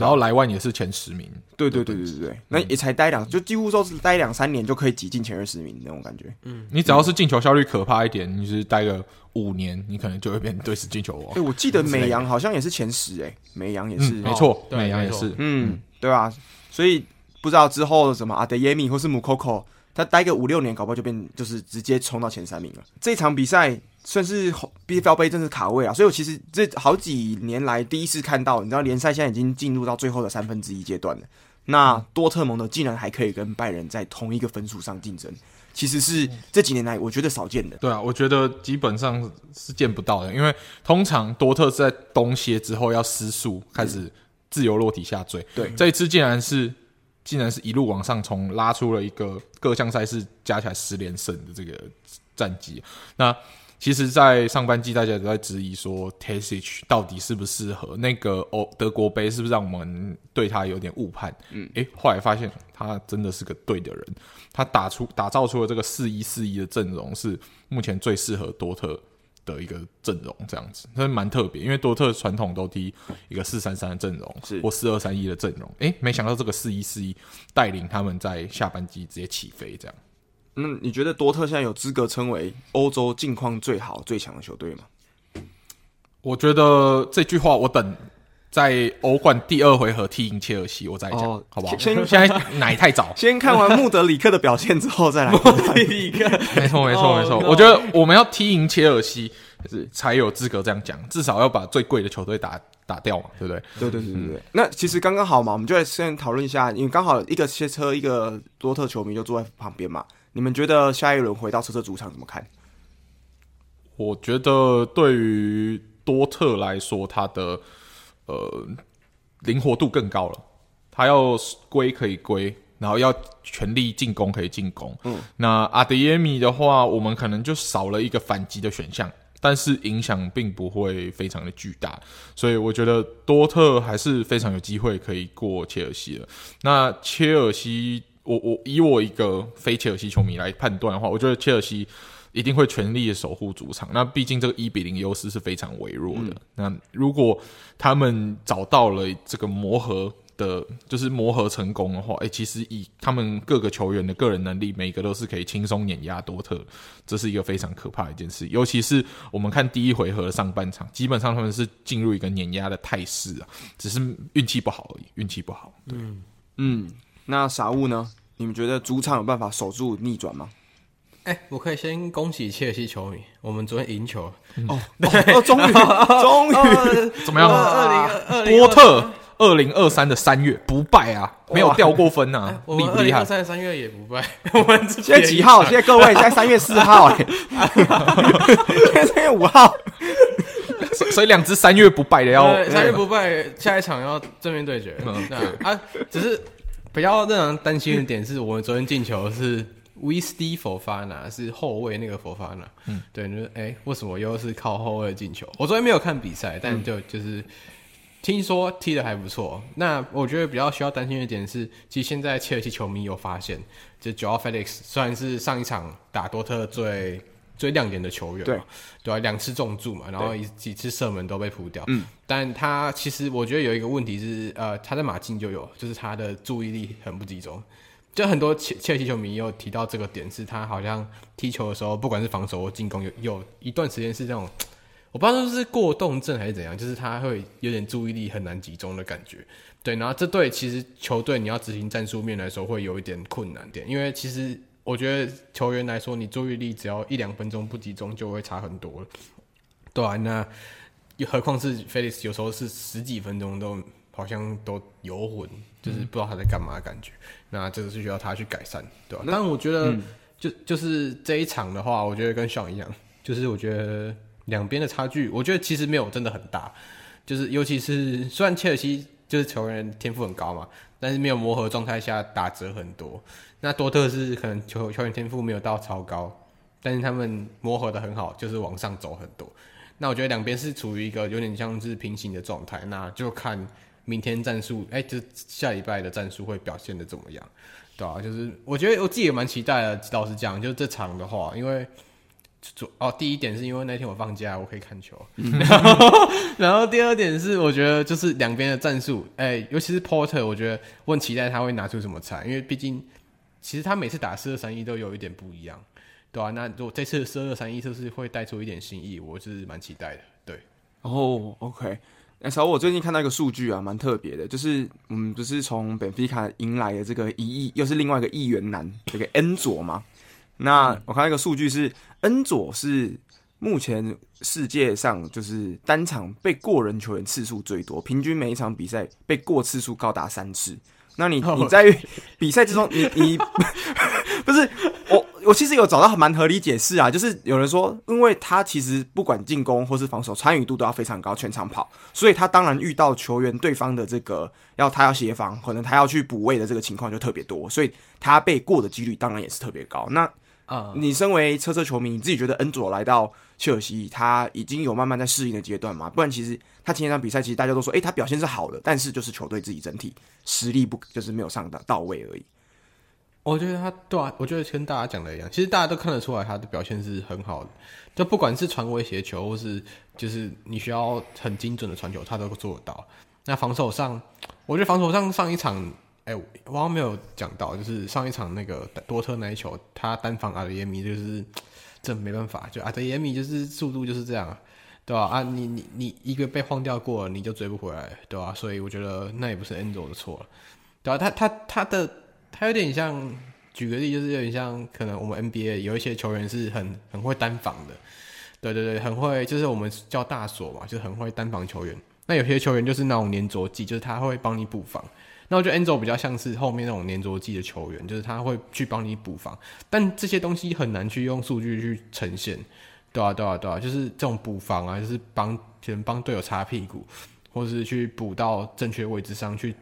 然後萊萬也是前十名，對,對對對對對，對對那也才待兩，嗯、就幾乎說是待兩三年就可以擠進前二十名那種感覺。嗯，你只要是進球效率可怕一點，嗯、你是待個五年，你可能就會變隊史進球王。哎、欸，我記得美羊好像也是前十哎，美羊也是、嗯，沒錯，哦、對美羊也是，錯嗯，對吧、嗯啊？所以不知道之後什麼阿德耶米或是姆科科，他待個五六年，搞不好就變就是直接衝到前三名了。這場比賽。算是 B F L 杯，正是卡位啊！所以我其實這好幾年來第一次看到，你知道聯賽現在已經進入到最後的三分之一階段了。那多特蒙德竟然還可以跟拜仁在同一個分數上競爭，其實是這幾年來我覺得少見的。對啊，我覺得基本上是見不到的，因為通常多特是在冬歇之後要失速，開始自由落體下墜。對，這一次竟然是竟然是一路往上衝，拉出了一個各項賽事加起來十連勝的這個戰績。那其實，在上半季，大家都在質疑說 Terzic 到底適不適合那個哦德國杯，是不是讓我們對他有點誤判？嗯，誒，後來發現他真的是個對的人，他打出、打造出了這個四一四一的陣容，是目前最適合多特的一個陣容，這樣子，所以蠻特別。因為多特傳統都踢一個四三三的陣容，是或四二三一的陣容，誒，沒想到這個四一四一帶領他們在下半季直接起飛，這樣。嗯，你覺得多特現在有資格稱為歐洲近況最好最強的球隊嗎？我覺得這句話我等在歐冠第二回合踢贏切爾西，我再講，哦、好不好？先現在奶 太早，先看完穆德里克的表現之後再來。穆德里克 沒錯，沒錯，沒錯。我覺得我們要踢贏切爾西，才有資格這樣講。至少要把最貴的球隊打打掉嘛，對不對？對對對對對。嗯、那其實剛剛好嘛，我們就來先討論一下。因為剛好一個切車，一個多特球迷就坐在旁邊嘛。你們覺得下一輪回到車車主場怎麼看？我覺得對於多特來說，他的呃靈活度更高了。他要歸可以歸，然後要全力進攻可以進攻。嗯，那阿德耶米的話，我們可能就少了一個反擊的選項，但是影響並不會非常的巨大。所以我覺得多特還是非常有機會可以過切爾西了。那切爾西。我我以我一個非切爾西球迷來判斷的話，我覺得切爾西一定會全力的守護主場。那畢竟這個一比零優勢是非常微弱的。嗯。那如果他們找到了這個磨合的，就是磨合成功的話，誒，其實以他們各個球員的個人能力，每個都是可以輕鬆碾壓多特。這是一個非常可怕的一件事。尤其是我們看第一回合的上半場，基本上他們是進入一個碾壓的態勢啊，只是運氣不好而已，運氣不好。對。嗯嗯。嗯那 Saul 呢？你們覺得主場有辦法守住逆轉嗎？哎，我可以先恭喜切爾西球迷，我們昨天贏球哦！對，終於終於怎麼樣？二零二二波特二零二三的三月不敗啊，沒有掉過分吶，厲不厲害？二三三月也不敗。我們現在幾號？現在各位，在三月四號。哈現在三月五號，所以兩支三月不敗了要三月不敗，下一場要正面對決只是。比較讓人擔心的點是，我們昨天進球是 Vistivo 佛發納，是後衛那個佛發納。嗯，對，你、欸、說，誒為什麼又是靠後衛進球？我昨天沒有看比賽，但就、嗯、就是聽說踢得還不錯。那我覺得比較需要擔心的點是，其實現在切爾西球迷有發現，就 João Félix 雖然是上一場打多特最。最亮點的球員，對對啊，兩次中柱嘛，然後幾對幾次射門都被撲掉。嗯，但他其實我覺得有一個問題是，呃，他在馬競就有，就是他的注意力很不集中。就很多切切爾西球迷有提到這個點，是他好像踢球的時候，不管是防守或進攻，有有一段時間是這種，我不知道是不是過動症還是怎樣，就是他會有點注意力很難集中的感覺。對，然後這對其實球隊你要執行戰術面來說會有一點困難點，因為其實。我覺得球員來說，你注意力只要一兩分鐘不集中，就會差很多了，對啊，那又何況是菲利斯，有時候是十幾分鐘都好像都遊魂，就是不知道他在幹嘛的感覺。那這個是需要他去改善，對吧？那我覺得，就就是這一場的話，我覺得跟上一樣，就是我覺得兩邊的差距，我覺得其實沒有真的很大，就是尤其是雖然切爾西就是球員天賦很高嘛，但是沒有磨合狀態下打折很多。那多特是可能球員球員天賦沒有到超高，但是他們磨合得很好，就是往上走很多。那我覺得兩邊是處於一個有點像是平行的狀態，那就看明天戰術，哎、欸，就下禮拜的戰術會表現得怎麼樣，對啊，就是我覺得我自己也蠻期待的。老實講，就這場的話，因為哦，第一點是因為那天我放假，我可以看球， 然後，然後第二點是我覺得就是兩邊的戰術，哎、欸，尤其是 Porter，我覺得很期待他會拿出什麼菜，因為畢竟。其實他每次打四二三一都有一點不一樣，對啊，那如果這次四二三一就是會帶出一點新意，我是蠻期待的。對，然後、oh, OK，那、欸、小我最近看到一個數據啊，蠻特別的，就是我們不是從本菲卡迎來的這個一億，又是另外一個億元男，這 個恩佐嘛。那我看到一個數據是，恩佐是目前世界上就是單場被過人球員次數最多，平均每一場比賽被過次數高達三次。那你你在比賽之中你，你你 不是我我其實有找到很蠻合理解釋啊，就是有人說，因為他其實不管進攻或是防守參與度都要非常高，全場跑，所以他當然遇到球員對方的這個要他要協防，可能他要去補位的這個情況就特別多，所以他被過的幾率當然也是特別高。那啊，你身為車車球迷，你自己覺得恩佐來到？切爾西他已經有慢慢在適應的階段嘛，不然其實他今天那場比賽其實大家都說，誒、欸，他表現是好的，但是就是球隊自己整體實力不就是沒有上到位而已。我覺得他對啊，我覺得跟大家講的一樣，其實大家都看得出來他的表現是很好的，就不管是傳威脅球，或是就是你需要很精準的傳球，他都做得到。那防守上，我覺得防守上上一場，哎、欸，我好像沒有講到，就是上一場那個多特那一球，他單防阿里耶米就是。這沒辦法，就阿德耶米就是速度就是這樣，對吧？啊，你你你一個被晃掉過了，你就追不回來，對吧？所以我覺得那也不是 Angel 的錯了，對吧？他他他的他有點像，舉個例，就是有點像，可能我們 NBA 有一些球員是很很會單防的，對對對，很會，就是我們叫大鎖嘛，就是很會單防球員。那有些球員就是那種粘着技，就是他會幫你補防。那我覺得 Angel 比較像是後面那種黏着劑的球員，就是他會去幫你補防，但這些東西很難去用數據去呈現，對啊，對啊，對啊，就是這種補防啊，就是幫能幫隊友擦屁股，或者是去補到正確位置上去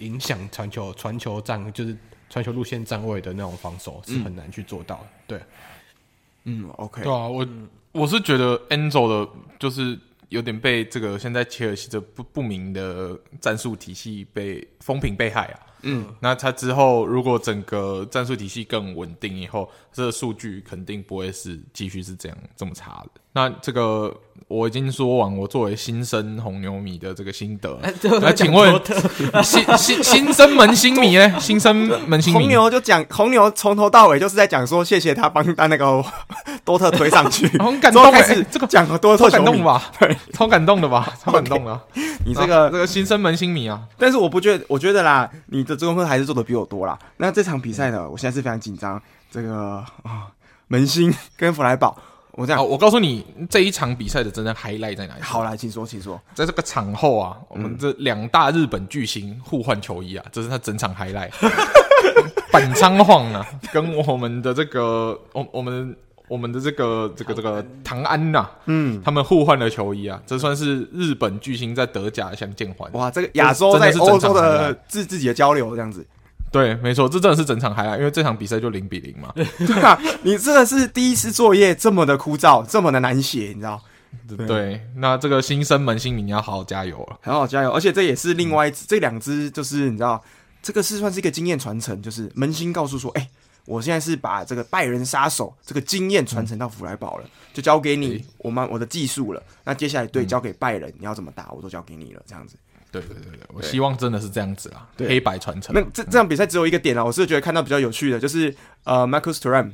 影響傳球、傳球站，就是傳球路線站位的那種防守是很難去做到的，嗯、對，嗯，OK，對啊，我、嗯、我是覺得 Angel 的就是。有點被這個現在切爾西這不不明的戰術體系被風評被害啊，嗯，那他之後如果整個戰術體系更穩定以後，這個數據肯定不會是繼續是這樣這麼差的。那這個我已經說完，我作為新生紅牛米的這個心得。來，請問新新新生門新米呢？新生門新紅牛就講紅牛從頭到尾就是在講說，謝謝他幫把那個多特推上去，很感動哎。這個講多特感動吧？超感動的吧？超感動的你這個這個新生門新米啊，但是我不覺得，我覺得啦，你的中課還是做的比我多啦。那這場比賽呢，我現在是非常緊張。這個啊，門新跟弗萊堡。我這樣，我告訴你，這一場比賽的真正 highlight 在哪裡？好來，請說，請說，在這個場後啊，我們這兩大日本巨星互換球衣啊，嗯、這是他整場 highlight。板倉 滉啊，跟我們的這個，我我們我們的這個這個這個堂安吶，安啊、嗯，他們互換了球衣啊，這算是日本巨星在德甲相見歡。哇，這個亞洲是歐洲的自自己的交流，這樣子。對，沒錯，這真的是整場嗨啊！因為這場比賽就零比零嘛， 對啊，你真的是第一次作業這麼的枯燥，這麼的難寫，你知道？對，對，那這個新生門興你要好好加油了，好好加油！而且這也是另外一支、嗯、這兩支，就是你知道，這個是算是一個經驗傳承，就是門興告訴說，哎、欸，我現在是把這個拜仁殺手這個經驗傳承到弗萊堡了，嗯、就交給你，我們我的技術了。那接下來對，嗯、交給拜仁，你要怎麼打，我都交給你了，這樣子。對對對，對，對，我希望真的是這樣子啊對黑白傳承。那、嗯、這這場比賽只有一個點啊，我是覺得看到比較有趣的，就是呃，Marcus Thuram，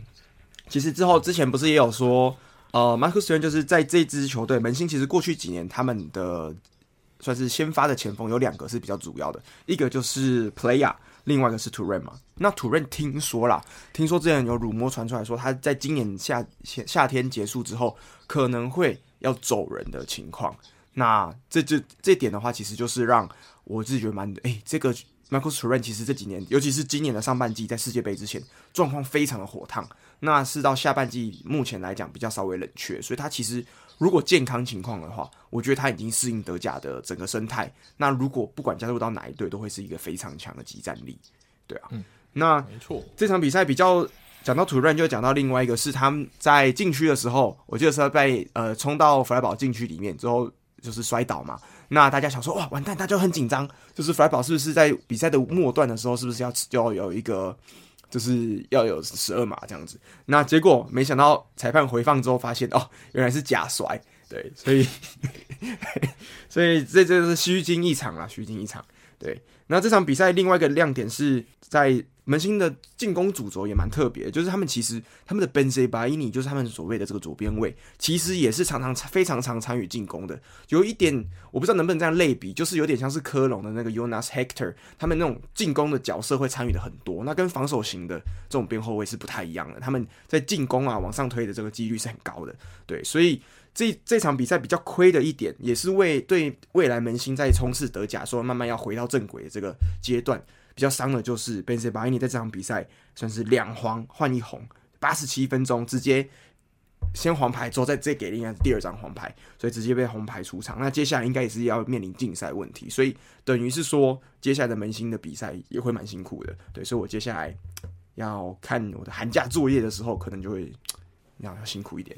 其實之後之前不是也有說，呃，Marcus Thuram 就是在這支球隊門興，其實過去幾年他們的算是先發的前鋒有兩個是比較主要的，一個就是 Pléa, 另外一個是 Thuram 嘛。那 Thuram 聽說啦，聽說之前有辱魔傳出來說，他在今年夏夏夏天結束之後，可能會要走人的情況。那這這這點的話，其實就是讓我自己覺得蠻誒哎，這個 Marcus Thuram 其實這幾年，尤其是今年的上半季，在世界盃之前狀況非常的火燙。那是到下半季，目前來講比較稍微冷卻。所以他其實如果健康情況的話，我覺得他已經適應德甲的整個生態。那如果不管加入到哪一隊，都會是一個非常強的即戰力，對啊。嗯，那沒錯錯。這場比賽比較講到 Thuram 就講到另外一個是他們在禁區的時候，我記得是他被呃衝到弗萊堡禁區裡面之後。就是摔倒嘛，那大家想說，哇完蛋，大家就很緊張。就是弗萊堡是不是在比賽的末段的時候，是不是要就要有一個，就是要有十二碼這樣子？那結果沒想到裁判回放之後發現哦，原來是假摔。對，所以 所以這就是虛驚一場啊，虛驚一場。對。那這場比賽另外一個亮點是在門興的進攻主軸也蠻特別，就是他們其實他們的 Bensebaini 就是他們所謂的這個左邊衛，其實也是常常非常常參與進攻的。有一點我不知道能不能這樣類比，就是有點像是科隆的那個 Jonas Hector，他們那種進攻的角色會參與的很多，那跟防守型的這種邊後衛是不太一樣的。他們在進攻啊往上推的這個幾率是很高的，對，所以。這這場比賽比較虧的一點，也是為對未來門興在衝刺德甲，說慢慢要回到正軌的這個階段比較傷的就是 Bensebaini 在這場比賽算是兩黃換一紅，八十七分鐘直接先黃牌，之後再再給另外第二張黃牌，所以直接被紅牌出場。那接下來應該也是要面臨禁賽問題，所以等於是說接下來的門興的比賽也會蠻辛苦的。對，所以我接下來要看我的寒假作業的時候，可能就會要要辛苦一點。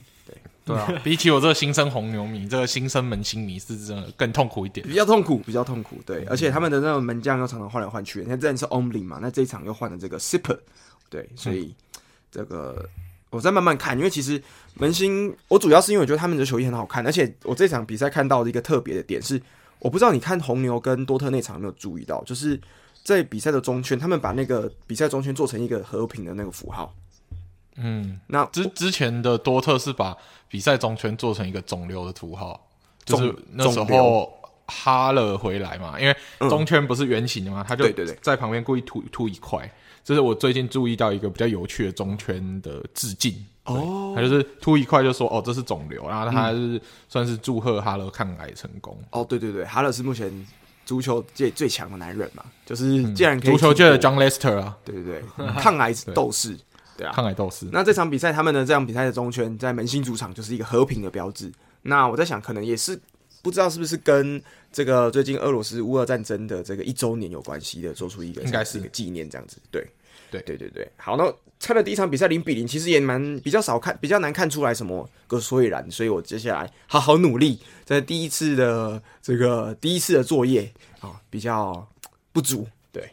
對啊， 比起我這個新生紅牛迷，這個新生門興迷是真的更痛苦一點，比較痛苦，比較痛苦。對，嗯嗯，而且他們的那個門將又常常換來換去。你看這次 Omlin 嘛，那這一場又換了這個 Sippel。對，嗯、所以這個我再慢慢看，因為其實門興，我主要是因為我覺得他們的球衣很好看，而且我這場比賽看到的一個特別的點是，我不知道你看紅牛跟多特那場有沒有注意到，就是在比賽的中圈，他們把那個比賽中圈做成一個和平的那個符號。嗯，那之之前的多特是把比賽中圈做成一個腫瘤的圖號，就是那時候哈勒回來嘛，因為中圈不是圓形的嘛，他就在旁邊故意凸凸一塊。這是我最近注意到一個比較有趣的中圈的致敬哦，他就是凸一塊就說哦，這是腫瘤，然後他是算是祝賀哈勒抗癌成功。哦，對對對，哈勒是目前足球界最強的男人嘛，就是竟然足球界的 John Lester 啊，對對對，抗癌鬥士。對啊，抗癌鬥士。那這場比賽，他們的這場比賽的中圈在門興主場就是一個和平的標誌。那我在想，可能也是不知道是不是跟這個最近俄羅斯烏俄戰爭的這個一周年有關係的，做出一個應該是一個紀念這樣子。對，對，對，對，對。好，那他的第一場比賽零比零，其實也蠻比較少看，比較難看出來什麼個所以然。所以我接下來好好努力，在第一次的這個第一次的作業啊，比較不足。對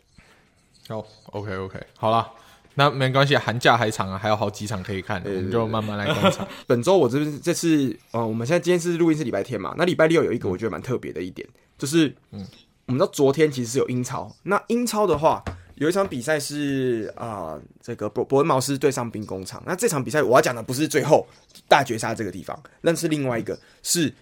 ，oh, okay, okay. 好，OK，OK，好了。那沒關係，寒假還長啊，還有好幾場可以看，對對對對，我們就慢慢來觀察。 本周我這邊這次呃，我們現在今天是錄音是禮拜天嘛，那禮拜六有一個我覺得蠻特別的一點，嗯、就是，嗯、我們知道昨天其實是有英超，那英超的話有一場比賽是啊、呃，這個伯伯恩茅斯對上兵工廠，那這場比賽我要講的不是最後大絕殺這個地方，但是另外一個是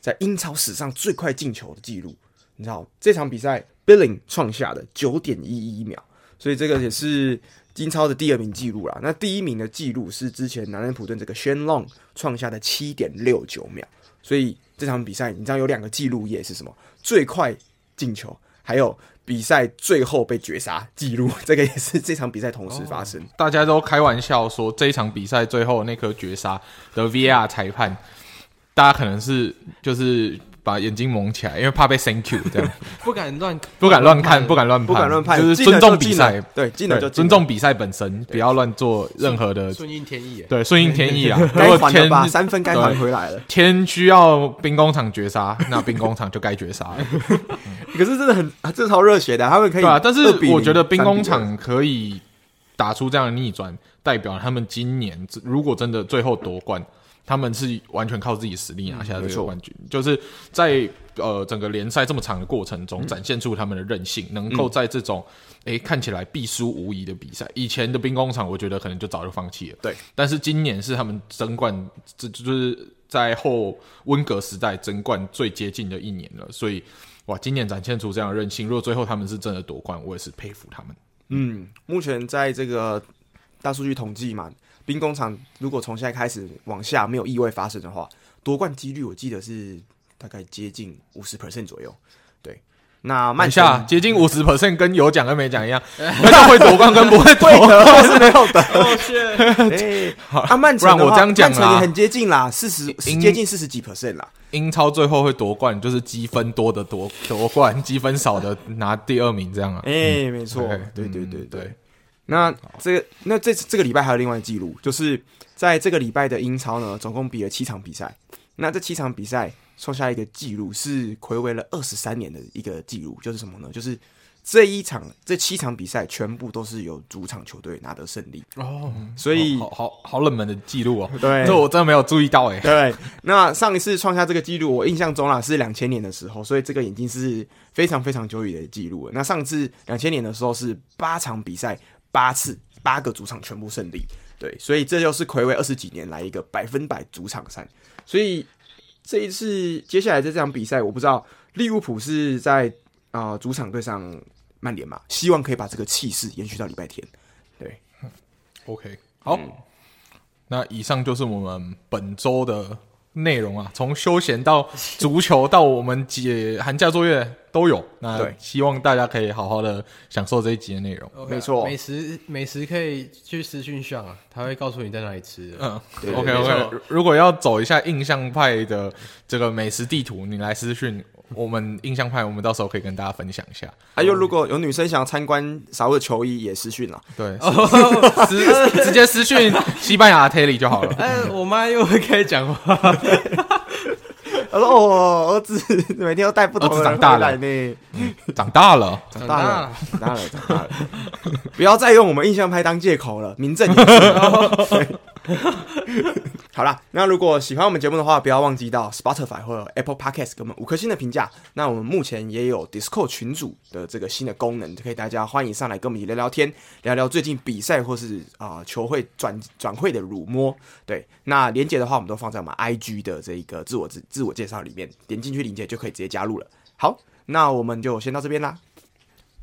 在英超史上最快進球的記錄，你知道這場比賽 Billing 創下的九點一一秒，所以這個也是。英超的第二名記錄了，那第一名的記錄是之前南安普頓這個 Shane Long 創下的七點六九秒。所以這場比賽，你知道有兩個記錄也是什麼？最快進球，還有比賽最後被絕殺記錄，這個也是這場比賽同時發生、哦。大家都開玩笑說，這場比賽最後那顆絕殺的 VR 裁判，大家可能是就是。把眼睛蒙起來，因為怕被 thank you，這樣不敢亂不敢亂看，不敢亂不敢亂拍，就是尊重比賽。對，技能就尊重比賽本身，不要亂做任何的。順應天意，對，順應天意啊！該還的吧，三分該還回來了。天需要兵工廠絕殺，那兵工廠就該絕殺。可是真的很，這超熱血的，他們可以。對啊，但是我覺得兵工廠可以打出這樣的逆轉，代表他們今年如果真的最後奪冠。他們是完全靠自己實力拿下這個冠軍，嗯、就是在呃整個聯賽這麼長的過程中、嗯、展現出他們的韌性，能夠在這種誒、嗯欸、看起來必輸無疑的比賽，以前的兵工廠我覺得可能就早就放棄了。對，但是今年是他們爭冠，這就是在後溫格時代爭冠最接近的一年了，所以哇，今年展現出這樣的韌性，如果最後他們是真的奪冠，我也是佩服他們。嗯，目前在這個大數據統計嘛。兵工廠如果從現在開始往下沒有意外發生的話，奪冠幾率我記得是大概接近五十 percent 左右。對，那曼城接近五十 percent，跟有講跟沒講一樣，會奪冠跟不會奪冠是沒有的。好啊，曼城我這樣講了，很接近啦，四十接近四十幾 percent 啦。英超最後會奪冠就是積分多的奪奪冠，積分少的拿第二名這樣啊？哎，沒錯，對對對對。那這個、那這這個禮拜還有另外記錄，就是在這個禮拜的英超呢，總共比了七場比賽。那這七場比賽創下一個記錄，是睽違了二十三年的一個記錄，就是什麼呢？就是這一場這七場比賽全部都是由主場球隊拿得勝利哦。所以，哦，好好好冷門的記錄哦。 對，這我真的沒有注意到哎，欸。 對，那上一次創下這個記錄，我印象中啊，是兩千年的時候，所以這個已經是非常非常久遠的記錄了。那上次兩千年的時候是八場比賽。八次八個主場全部勝利，對，所以這就是睽違二十幾年來一個百分百主場賽。所以這一次接下來在這場比賽，我不知道利物浦是在啊、呃、主場對上曼聯嘛？希望可以把這個氣勢延續到禮拜天。對，OK、嗯、好，那以上就是我們本周的內容啊，從休閒到足球到我們解寒假作業都有。 那希望大家可以好好的享受這一集的內容。Okay, 沒錯錯，美食美食可以去私訊 Saul 啊，他會告訴你在哪裡吃的。嗯對，OK OK， 如果要走一下印象派的這個美食地圖，你來私訊。 我們印象派，我們到時候可以跟大家分享一下。還有、啊，如果有女生想要參觀 Saul 球衣，也私訊了。對，私直接私訊西班牙的 Terry 就好了。 啊、我媽又開始講話。 我說，我、哦、兒子每天都帶不同人來。兒子長大了、嗯、長大了長，大了，長大了，長大了，不要再用我們印象派當借口了，名正言順。 oh. 好啦，那如果喜歡我們節目的話，不要忘記到 Spotify 或 Apple Podcast 給我們五顆星的評價。那我們目前也有 Discord 群組的這個新的功能，可以大家歡迎上來跟我們一起聊聊天，聊聊最近比賽或是啊、呃、球會轉轉會的乳摸。對，那連結的話，我們都放在我們 IG 的這個自我自自我介紹裡面，點進去連結就可以直接加入了。好，那我們就先到這邊啦。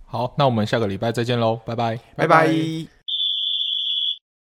好，那我們下個禮拜再見嘍，拜拜，拜拜 bye。Bye bye